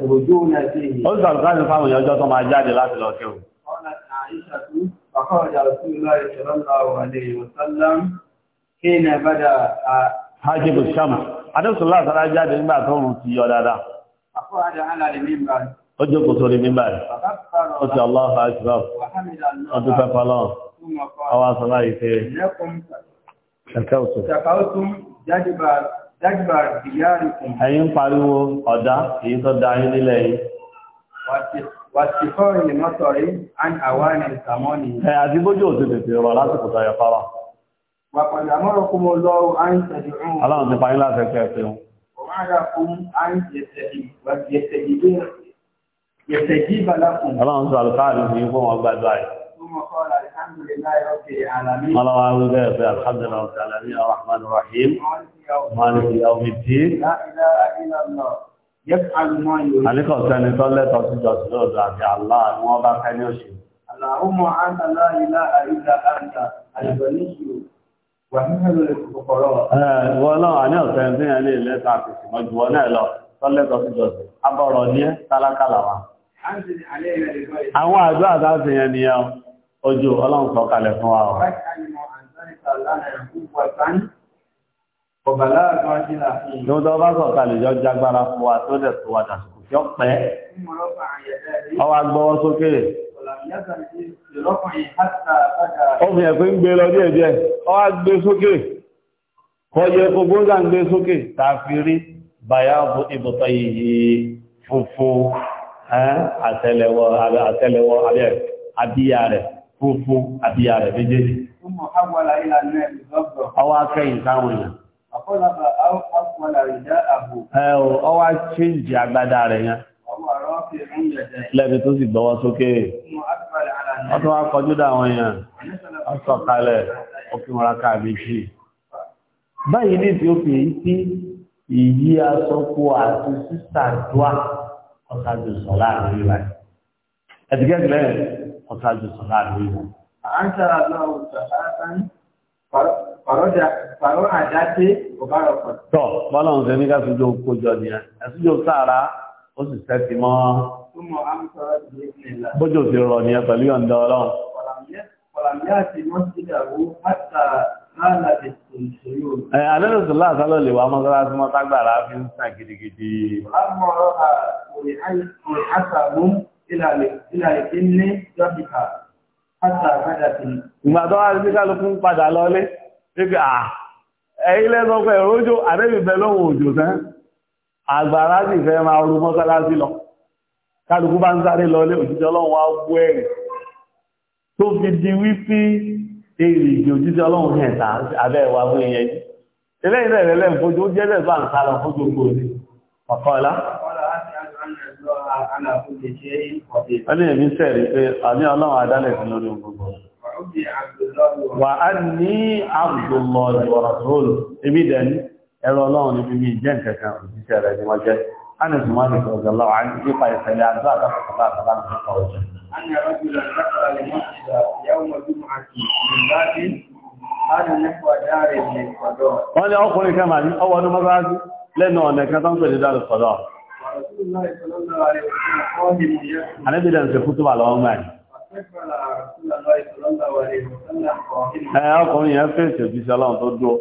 sọ̀rọ̀ káàkiri fáwọn èèyàn ọjọ́ tó máa jáde láti lọ kẹ́wọ̀n. فخرج رسول الله صلى الله عليه وسلم حين بدا حاجب الشمس ادم صلى الله عليه وسلم jáde nígbà tó rùn ti yọ dáadáa akhraja ala al-minbar ó jókòó sórí minbar ó ti Allahu akbar ó dúpẹ́ fọ́lọ́run ó wá sọ láyé pé ṣàkàwùtù ẹ̀yin ń pariwo ọ̀dá èyí tó da yín nílẹ̀ yìí wàtí fọ́ọ̀rì mọ́tọ̀rí àti bójú òtò tètè rọ̀ lásìkò tayọ fara. Aláwọn ti parí láti ẹ̀kẹ́ ẹ̀fẹ́ wọn. Aláwọn sọ alùkáàrí ní fún wọn gbàdúrà yìí. Aláwọn arúgbẹ́ ẹ̀fẹ́ alhamdulillah alamin arrahman arrahim. Malik yawmiddin. La ilaha illallah. Àníkọ̀ sẹ́ni tó lẹ́tọ̀ sí jọ sí lóòdó àti Allah ni wọ́n bá fẹ́ ní òṣè. Allahumma anta la ilaha illa anta al-Ghaniyyu wa antal al-Fuqara. Ìwọ náà wà ní ọ̀sẹ̀ tí yẹn lè lẹ́ta àti ìsìnmọ́ jù wọ́n náà lọ tó lẹ́tọ̀ sí jọ sí. Abọ̀rọ̀ ní ẹ́ tálákàlà wa. Àwọn àjọ àdáṣe yẹn ni ojú ọlọ́run sọ̀kalẹ̀ fún wa ọ̀bàlá àgbà jílà fi. ní wọ́n tó bá sọ̀ kalẹ̀ yọ jágbára fún wa tó dẹ̀ tó wa dàsùkù tí ó pẹ́. ọwọ́ agbọ́wọ́ sókè. ó fi ẹ̀fín gbé lọ díẹ̀ díẹ̀ ọwọ́ agbé sókè kọjẹ ogbóńgà ń gbé sókè tààfírí bàyá ibùtọ̀ yìí funfun àtẹ́lẹwọ́ àtẹ́lẹwọ́ abíyá rẹ̀ funfun abíyá rẹ̀ Àkọ́lábà àkọ́lá ìdá àbò. Ẹ o, ọ wá chíǹjì agbádá rẹ̀ yẹn. Lẹ́bi tó sì gbọ́wọ́ sókè. Wọ́n tó wá kọjú dáwọn èèyàn. Wọ́n sọ kalẹ̀, ó kí wọn rákà méjì. Báyìí ní Ethiopia yìí tí ìyí asọ́kú àti sísà dùà ọ̀sájú sọ láàrin ìlà. Ẹ̀dìgẹ́gì lẹ́yìn ọ̀sájú sọ láàrin ìlà. À ń sára lọ́wọ́ sàárá Fàrọ́ àdáté ọ̀bára ọ̀pọ̀. Tọ́, bọ́lọ́run ṣe ní ká súnjọ kójọ ni ẹ. Ẹ̀súnjọ sáàrá, ó sì tẹ́ ti mọ́. Bójò ti rọ̀ ni ẹ pẹ̀lú ọ̀ǹda ọlọ́run. Àlẹ́lẹ́ sọ láàá sálọ́ lè wà mọ́sálásí mọ́ tágbàrá fi ń sàn gidigidi. Ìgbà tó wá sí kálukú padà lọ́lé. níbi àà ẹ̀yìn lẹ́sọ pé ìrójò àdébì bẹ lọ́wọ́ òjò tán àgbàrá sì fẹ́ lọ kálukú bá ń sáré lọ òjíṣẹ́ ọlọ́run wá gbọ́ tó fi di wípé èrì òjíṣẹ́ ọlọ́run hẹ̀ tà abẹ́ fún ìyẹn yìí rẹ̀ fojú ó bá ń sá lọ fún gbogbo ọlọ́run lórí wà á ní Abdullahi wa rasuluhu ibi dẹni ẹ̀rọ ọlọ́run níbi bí jẹ́ nǹkankan òjíṣẹ́ rẹ̀ ni wọ́n jẹ́ أنس مالك رضي الله عنه في قال سلا أنزا كفر الله تعالى من قوله أن رجلا دخل المسجد يوم الجمعة من باب هذا نحو دار للقضاء قال أخوي كمان أول مرة لأنه أنا كنت أنظر لدار القضاء ورسول الله صلى الله عليه وسلم قائم يسمع أنا بدأ أن تكتب على أمامي Ẹ ọkùnrin yẹn fèsì òjíṣẹ́ ọlọ́run tó dúró.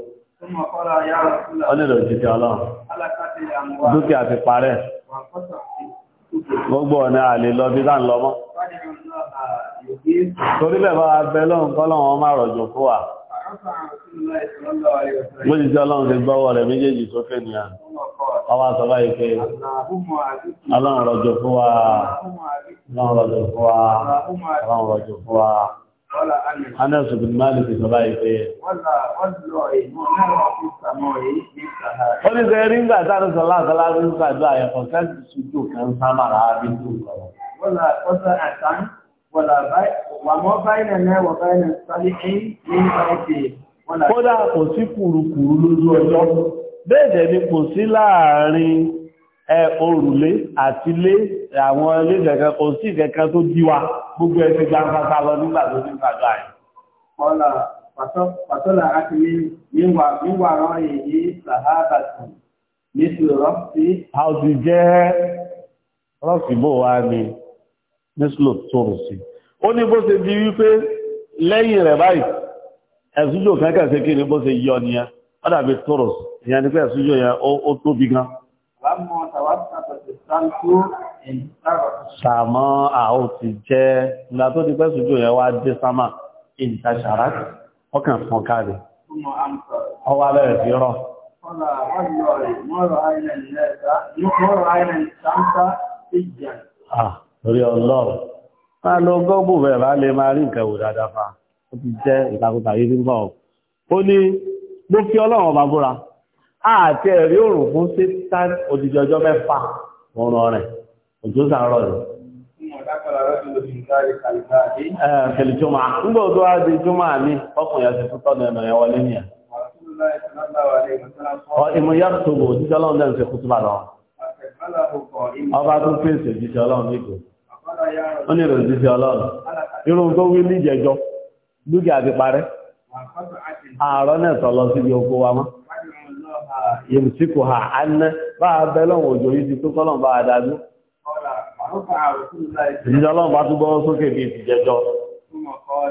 Ó nílò òjíṣẹ́ ọlọ́run. Dúkìá ti parẹ́. Gbogbo ọ̀nà àlè lọ bí láń lọ mọ́. Torí bẹ̀ bá abẹ́ lọ́run kọ́lọ́run máa rọ̀jò fún wa bó ti tí ọlọ́run ti gbọ́wọ́ rẹ̀ méjèèjì sókè ní à ọwá sọba ìfẹ́ ọlọ́run rọ̀jò fún wa ọlọ́run rọ̀jò fún wa ọlọ́run rọ̀jò fún wa Anas bin Malik sọba ìfẹ́ ó ní sẹ́ rí ńgbà tánà sọ látàlá rí ńgbà tó àyẹ̀kọ̀ kẹ́sì sójú kan sámàrà bí tó lọ wàmọ́ báyìí náà wà báyìí náà sálí ẹ̀yìn ní báyìí kódà kò sí kùrùkùrù lójú ọjọ́ bẹ́ẹ̀dẹ̀ ni kò sí láàrin òrùlé àti lé àwọn ilé kẹ̀kẹ́ kò sí kẹ̀kẹ́ tó díwa gbogbo ẹni gbangba lọ nígbà tó ní gbàgbà ẹ̀. ọ̀la pàtọ́là àti níwà rán èyí sàhábà tù nítorí rọ́ọ̀sì. a ò sì jẹ́ rọ́ọ̀sì bò wá ní nísìlò tó rò sí i ó ní bó ṣe di wípé lẹ́yìn rẹ̀ báyìí ẹ̀sùjò kankan ṣe kí ni bó ṣe yọ nìyẹn ó dàbí tóró ìyẹn ni pé ẹ̀sùjò yẹn ó tóbi gan. sàmọ́ àwọn ti jẹ́ ìgbà tó ti pẹ́ sùjò yẹn wá dé sámà ìtàṣàrà ọkàn fún káàdì ọwọ́ abẹ́rẹ́ fi rọ̀. Ah, orí ọlọ́run máa lọ gọ́ọ̀bù bẹ̀rẹ̀ bá lè máa rí nǹkan wò dáadáa fa ó ti jẹ́ ìtakùtà yìí nígbà ọ̀ ó ní ló fi ọlọ́run ọba búra àti ẹ̀rí òrùn fún sétan odidi ọjọ́ mẹ́fà ọ̀rọ̀ rẹ̀ òjò sàárọ̀ rẹ̀. Fẹ̀lì Jọmọ̀, nígbà tó wá di Jọmọ̀ àmì, ọkùnrin àti tó tọ́nu ẹ̀nà ẹ̀wọ̀ lé nìyà. Ìmọ̀ yá tó bò, jíjọ́ ọlọ́run náà ń ṣe kútúbà ó ní ìròyìn títí ọlọ́run irun tó wí ní ìjẹjọ ti parẹ́ náà lọ síbi oko wa mọ́ yèmùsíkò ha aná bá a bẹ́ lọ́wọ́ òjò yìí ti tó kọ́lọ̀ bá a dájú ìjọ ọlọ́run bá túbọ̀ sókè bíi ti jẹjọ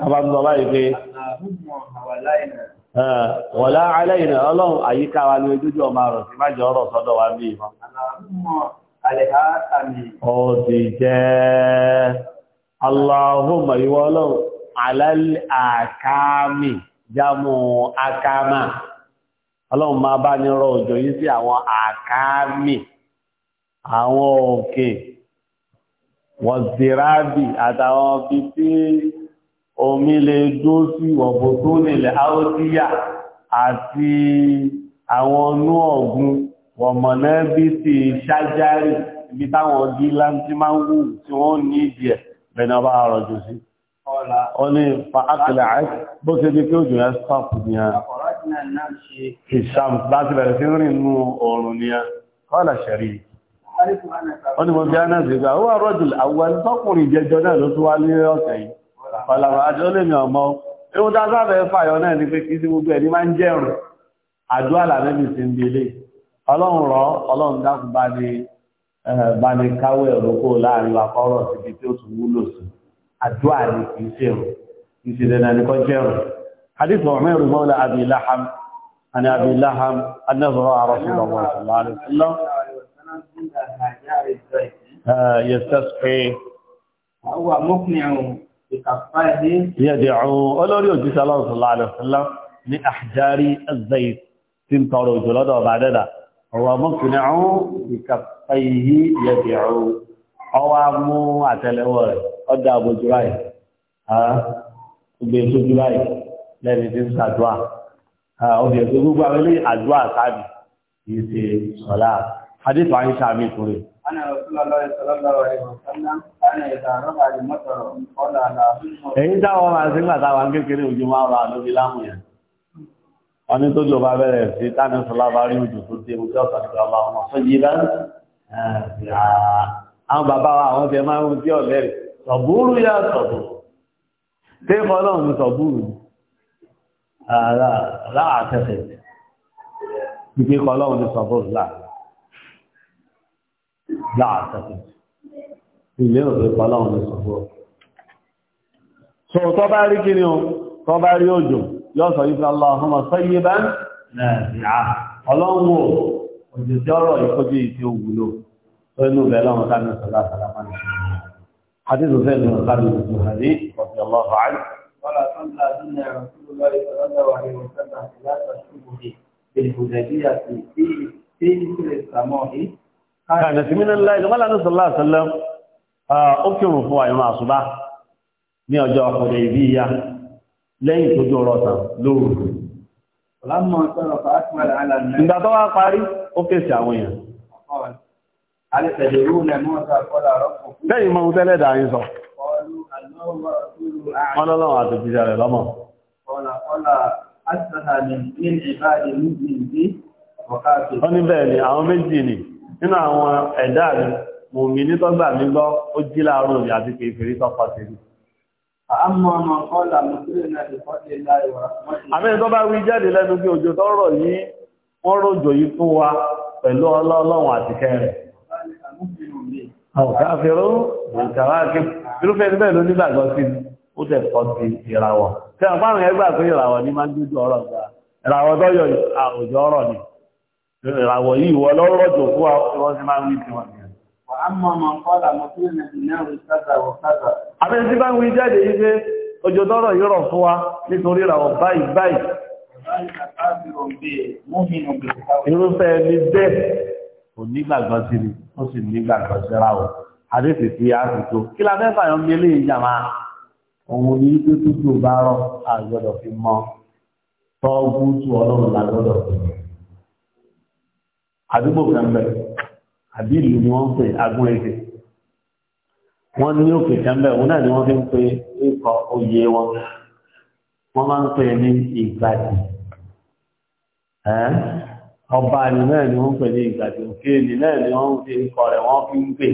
ọba tó pé wọ̀lá aláìnà ọlọ́run àyíká wa ní sí ọ̀rọ̀ sọ́dọ̀ wa bí Ọdí jẹ́ Allahumma ìwọ ọlọ́run, alálẹ́ àkámi, jámù akáma. Ọlọ́run máa bá ní rọ òjò yìí sí àwọn àkámi, àwọn òkè, wọ̀n zìrábì àtàwọn bí tí omi lè dó sí wọ̀bọ̀ tó nílẹ̀ áódíyà àti àwọn ọnú wọ̀mọ̀nà bí ti ṣájárì ibi táwọn ọdí láti máa ń wù tí wọ́n ní ìdí ẹ̀ bẹ̀rẹ̀ ọba ọ̀rọ̀ jù sí ó ní fa ákìlẹ̀ àìsí bó ṣe di kí òjò yẹn stop nìyẹn ìṣàm láti bẹ̀rẹ̀ sí rìn nú oòrùn nìyẹn kọ́lá ṣẹ̀rí ó ní mo bí ánà sí gbà ó wà rọ́jù àwọn náà ló tún wá ní sí gbogbo ẹni ọlọ́run rọ ọlọ́run dákun bá ní eh, bá ní káwé òrókò láàrin wa kọ́rọ̀ síbi tí ó tún wúlò sí àdúrà ní kì í ṣe rò kì í ṣe dandan ní kọ́ jẹ́ rò hadith ọ̀rọ̀ ìrù mọ́lá abi laham ani abi laham anazọrọ arọ́sùn ọmọ ìṣẹ̀lá rẹ̀ sílọ́ yẹ̀sẹ̀sẹ̀ àwọn mọ́kùnrin yẹ̀dẹ̀rún olórí òjísà lọ́sùn láàrín ní àjárí ẹ̀zẹ̀ tí ń tọrọ òjò lọ́dọ̀ ọba dẹ́dà ọ̀wà mọ́kùnrin àwọn ìkàpá yìí yẹ̀dì ọ̀rọ̀ ọwọ́ mú àtẹ́lẹwọ́ rẹ̀ ọjà àbójú láì ọgbẹ́ ìṣojú láì lẹ́ni tí ń ṣàdúà ọbẹ̀ tó gbogbo àwọn ilé àdúà sáàbì kìí ṣe sọ̀lá hadith ń ṣàmì fún rẹ̀. èyí máa ń síngbà táwọn kékeré ojú máa ń ra wọ́n ní tó jọ bá bẹ̀rẹ̀ sí táni sọlá bá rí ojú tó dé ojú ọ̀sán nípa ọba ọmọ sọ́jí bá ń àwọn bàbá wa àwọn tẹ máa ń tí ọ̀lẹ́ rẹ̀ sọ̀búrú yá sọ̀búrú tí fọlọ́run ní sọ̀búrú láàtẹ̀sẹ̀ pípé fọlọ́run ní sọ̀búrú láàtẹ̀sẹ̀ ilé òfin fọlọ́run ní sọ̀búrú. sọ̀tọ́ bá rí kí ni o tọ́ bá rí òjò yóò sọ yìí lọ́lọ́ ọmọ sọ́yí bá ọlọ́wọ́ òjòjì ọ̀rọ̀ ìkọjú ìfi òwúlò pẹ̀lú bẹ̀rẹ̀ ọmọ sáà ní sọ́lá sàlámà ní حديث زيد بن خالد الزهري رضي الله عنه ولا صلى بنا رسول الله صلى الله عليه وسلم ثلاث شبه بالحديبية في في مثل السماء كانت من الله قال النبي صلى الله عليه وسلم أكرم فوائد مع صباح ní ọjọ́ ọ̀pọ̀lẹ̀ ìbí ya lẹ́yìn tó jọ rọ̀ta lóòrù ìgbà tó wá parí ó fèsì àwọn èèyàn lẹ́yìn mọ́ tẹ́lẹ̀ dáyín sọ wọ́n lọ́lọ́wọ́ àtòjíjà rẹ̀ lọ́mọ̀ wọ́n ní bẹ́ẹ̀ ni àwọn méjì ni nínú àwọn ẹ̀dá mi mùmí nítọ́gbà mi gbọ́ ó jí láàárùn mi àti kèfèrí tọ́pọ̀ sí Àmì tó bá wí jáde lẹ́nu bí òjò tó rọ̀ yìí, wọ́n rọ̀jò yìí fún wa pẹ̀lú ọlọ́ọ̀lọ́wọ̀n àti kẹrẹ̀. Ọ̀ká fẹ́rọ, ìkàwákí, irúfẹ́ ẹgbẹ́ ló nígbàgbọ́ sí ó tẹ̀ pọ̀ sí ìràwọ̀. Tí a fáwọn ẹgbà pé ìràwọ̀ ní máa ń dúdú ọ̀rọ̀ gbà. Ìràwọ̀ tọ́yọ̀ òjò ọ̀rọ̀ ni. Ìràwọ̀ yìí wọ lọ́rọ̀ jò fún wa, wọ́n ti máa ń wí sí wọn. Àbẹ́ tí bá ń wí jáde yí pé òjò tọ́rọ̀ yìí rọ̀ fún wa nítorí ìràwọ̀ báyìí báyìí. Irúfẹ́ ní bẹ́ẹ̀ kò nígbàgbọ́ sí ni, ó sì nígbàgbọ́ sí ra ọ̀. Àdéfì tí a sì tó. Kí la fẹ́ fàyọ́ mi lè jàmá? Òun ni tó tútù bá rọ̀ àgbọ̀dọ̀ fi mọ. Tọ́gùn tú ọlọ́run lágbọ́dọ̀ fi. Àdúgbò kan bẹ̀rẹ̀ àbí ìlú ni wọ́n ń pè agún èdè wọ́n ní òkè tẹ́ḿbẹ̀ òun náà ni wọ́n fi ń pe ikọ̀ oyè wọn wọ́n máa ń pè ní ìgbàdì ọba ni náà ni wọ́n ń pè ní ìgbàdì òkè ni náà ni wọ́n ń fi ikọ̀ rẹ̀ wọ́n fi ń pè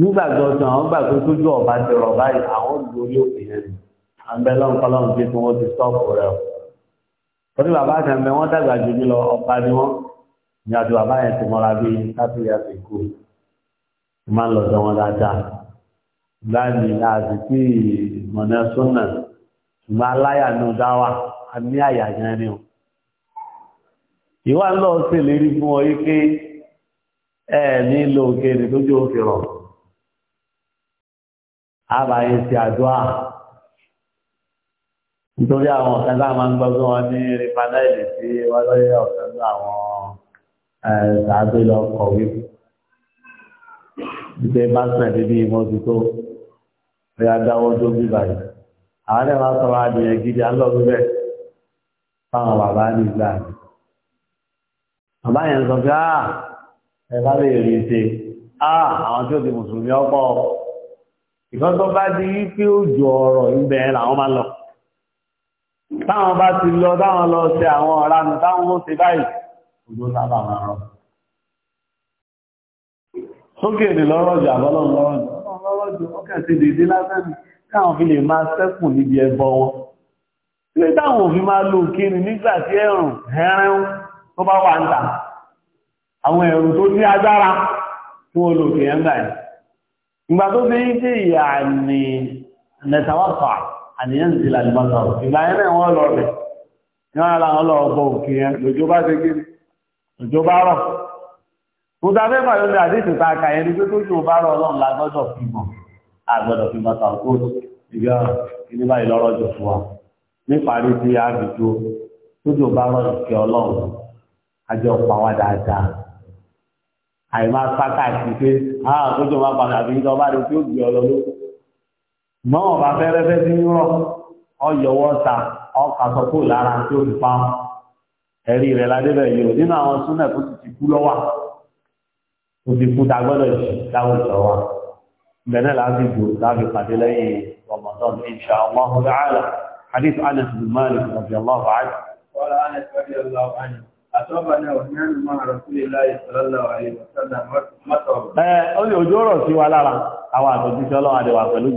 nígbàgbọ́ ọ̀sán àwọn gbà tó tójú ọba ti rọ̀ báyìí àwọn olórí òkè yẹn ni àbẹ́lọ́nkọ́lọ́n fi fún wọn ti sọ́ọ̀pù rẹ̀ o. torí bàbá àtẹ̀mẹ́ wọ́n dàgbà jù mí lọ ọba ni wọ́n ní àti bàbá yẹn ti mọ́ra bí kápẹ́rì àsìkò máa ń lọ sọ wọn dáadáa báyìí láti tí ìmọ̀nà súnà ṣùgbọ́n aláyà ní dáwà a ní àyà yẹn ni o ìwà ńlọ ṣèlérí fún ọ yìí pé ẹ nílò òkèèrè tójú òfin rọ àbáyé ti àdúrà nítorí àwọn ọ̀sán láwọn máa ń gbọ́ pé wọ́n ní rí sí wọ́n lọ́yẹ̀ ọ̀sán láwọn ṣáàbí lọ kọ̀wé ìgbẹ́ bá sàn níbi ìmọ̀tútó ní adáwọ́ tó bí báyìí àwọn ẹ̀rọ sọ̀rọ̀ adìyẹ gidi alọ́bí bẹ́ẹ̀ fáwọn bàbá ní ìgbà rẹ̀ bàbá yẹn sọ pé áà ẹ bá lè rí ṣe áà àwọn tí ó di mùsùlùmí ọ̀pọ̀ ìkan tó bá di wípé òjò ọ̀rọ̀ ibẹ̀ làwọn máa lọ táwọn bá ti lọ táwọn lọ ṣe àwọn ọ̀ranù táwọn ó ṣe báyìí ojú sábà máa rọ̀. sókè ní lọ́rọ̀ jù àbọ́lọ́run lọ́rọ̀ jù lọ́rọ̀ jù ó sí dèdè lásán ni káwọn fi lè máa sẹ́kùn níbi ẹbọ wọn. ilé táwọn òfin máa lo kíni nígbà tí ẹ̀rùn ẹ̀rìn tó bá wà ń tà àwọn ẹ̀rù tó ní agbára tí wọ́n lò kìí ẹ̀ngbà yìí. ìgbà tó fi ń ṣe ìyà ní nẹ̀tàwọ́fà àníyàn ti làlùmọ́sọ̀rọ̀ ìgbà yẹn náà wọ́n lọ rẹ̀ ní yẹn ìjọba rọ̀ kó tá a fẹ́ fàyọ ní àdéhùn tá a kà yẹn ni pé tó yóò bá rọ̀ ọlọ́run la gbọ́dọ̀ fi mọ̀ a gbọ́dọ̀ fi mọ̀ sàkó ìgbà ìní báyìí lọ́rọ̀ jọ fún wa níparí tí a fi jó tó yóò bá rọ̀ ìkẹ́ ọlọ́run àjọ pàwọ́ dáadáa àìmá sáká àti pé àwọn àkójọ máa padà bí ìjọba rẹ tí ó gbé ọ lọ́wọ́ mọ́ ọ̀bá fẹ́rẹ́fẹ́ sí rọ̀ ọyọ̀wọ́ ta ọkà sọ ẹ̀rí rẹ̀ ládébẹ̀ yìí ò nínú àwọn súnà tó ti kú lọ́wà tó ti kú jù láwùjọ wa bẹ̀rẹ̀ láti láti pàdé lẹ́yìn Ramadan insha Allah ta'ala hadith Anas bin Malik radiyallahu anhu qala Anas radiyallahu anhu Àtọ́bàdà òmìnirò máa rọ̀ sí Ẹ ó ojú sí wa lára àwọn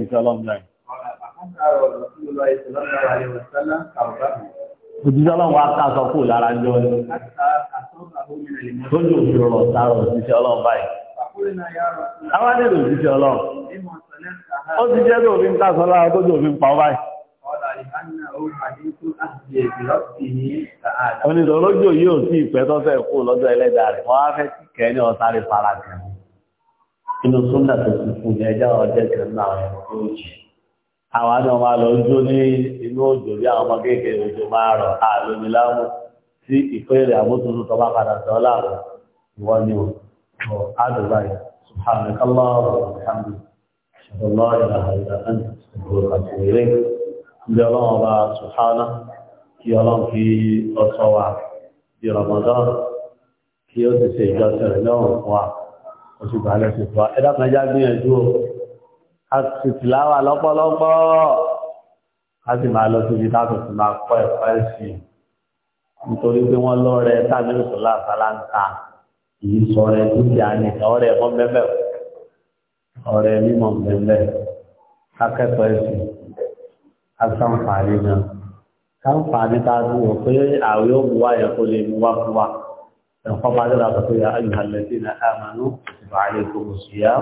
náà. òjijì ọlọ́run wa ká sọ kó lára jọ ni lójú òfin ọ̀rọ̀ sára òjijì ọlọ́run báyìí. àwọn adé ló jíjẹ ọlọ́run ó ti jẹ́ ló fi ń tàṣọ lára lójú òfin pa báyìí. onítọ̀lójò yóò sí ìpẹ́ tó fẹ́ kó lọ́jọ́ ẹlẹ́dàá rẹ̀ wọ́n á fẹ́ kí kẹ́ni ọ̀sáré fara kẹ́ni inú súnà tó ti fún ẹjọ́ ọjọ́ kẹ́ni náà ọ̀rọ̀ tó àwọn àna máa lọ jó ní inú òjò bí àwọn ọmọ kéékèèrè òjò máa rọ̀ àlómi láàmú tí ìpẹ́ẹ̀rẹ̀ ọ àtìtìláwà lọ́pọ̀lọpọ̀ a sì máa lọ síbi táàtò sí máa kọ́ ẹ̀kọ́ ẹ̀sìn nítorí pé wọ́n lọ́rẹ tàbí ìsọ̀lá àtàlántà yìí sọ̀rẹ̀ dúkìá ní ọ̀rẹ́ ẹ̀kọ́ bẹ́bẹ̀ ọ̀rẹ́ mímọ̀ bẹ́bẹ̀ akẹ́kọ̀ọ́ ẹ̀sìn asáǹfààní náà sáǹfààní tá a ti wọ̀ pé àwẹ̀ ó bu wáyà kó lè mú wá fún wa ẹ̀kọ́ padà rà pẹ̀lú àyùhàlẹ́sìn àmàlú ìbàlẹ̀ kò sí yá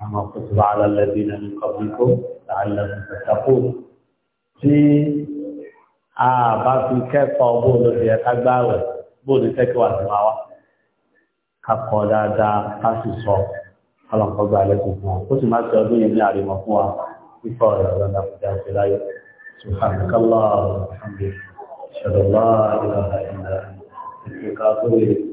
كما كتب على الذين من قبلكم لعلكم تتقون tí a bá fi kẹ́kọ̀ọ́ bó ló fi ẹ̀ka gbáwẹ̀ bó ní tẹ́kíwà sí máa wá kakọ̀ dáadáa ká sì sọ ọlọ́nkọ́ gba lẹ́kùn fún wa ó sì máa ti ọdún yìí ní àrímọ̀ fún wa fífọ́ rẹ̀ lọ́dà kò já sí láyé subhanakallah alhamdulilayi ṣẹlẹ̀ lọ́wọ́ ìlànà ìlànà ìfẹ́ ká tó yẹ.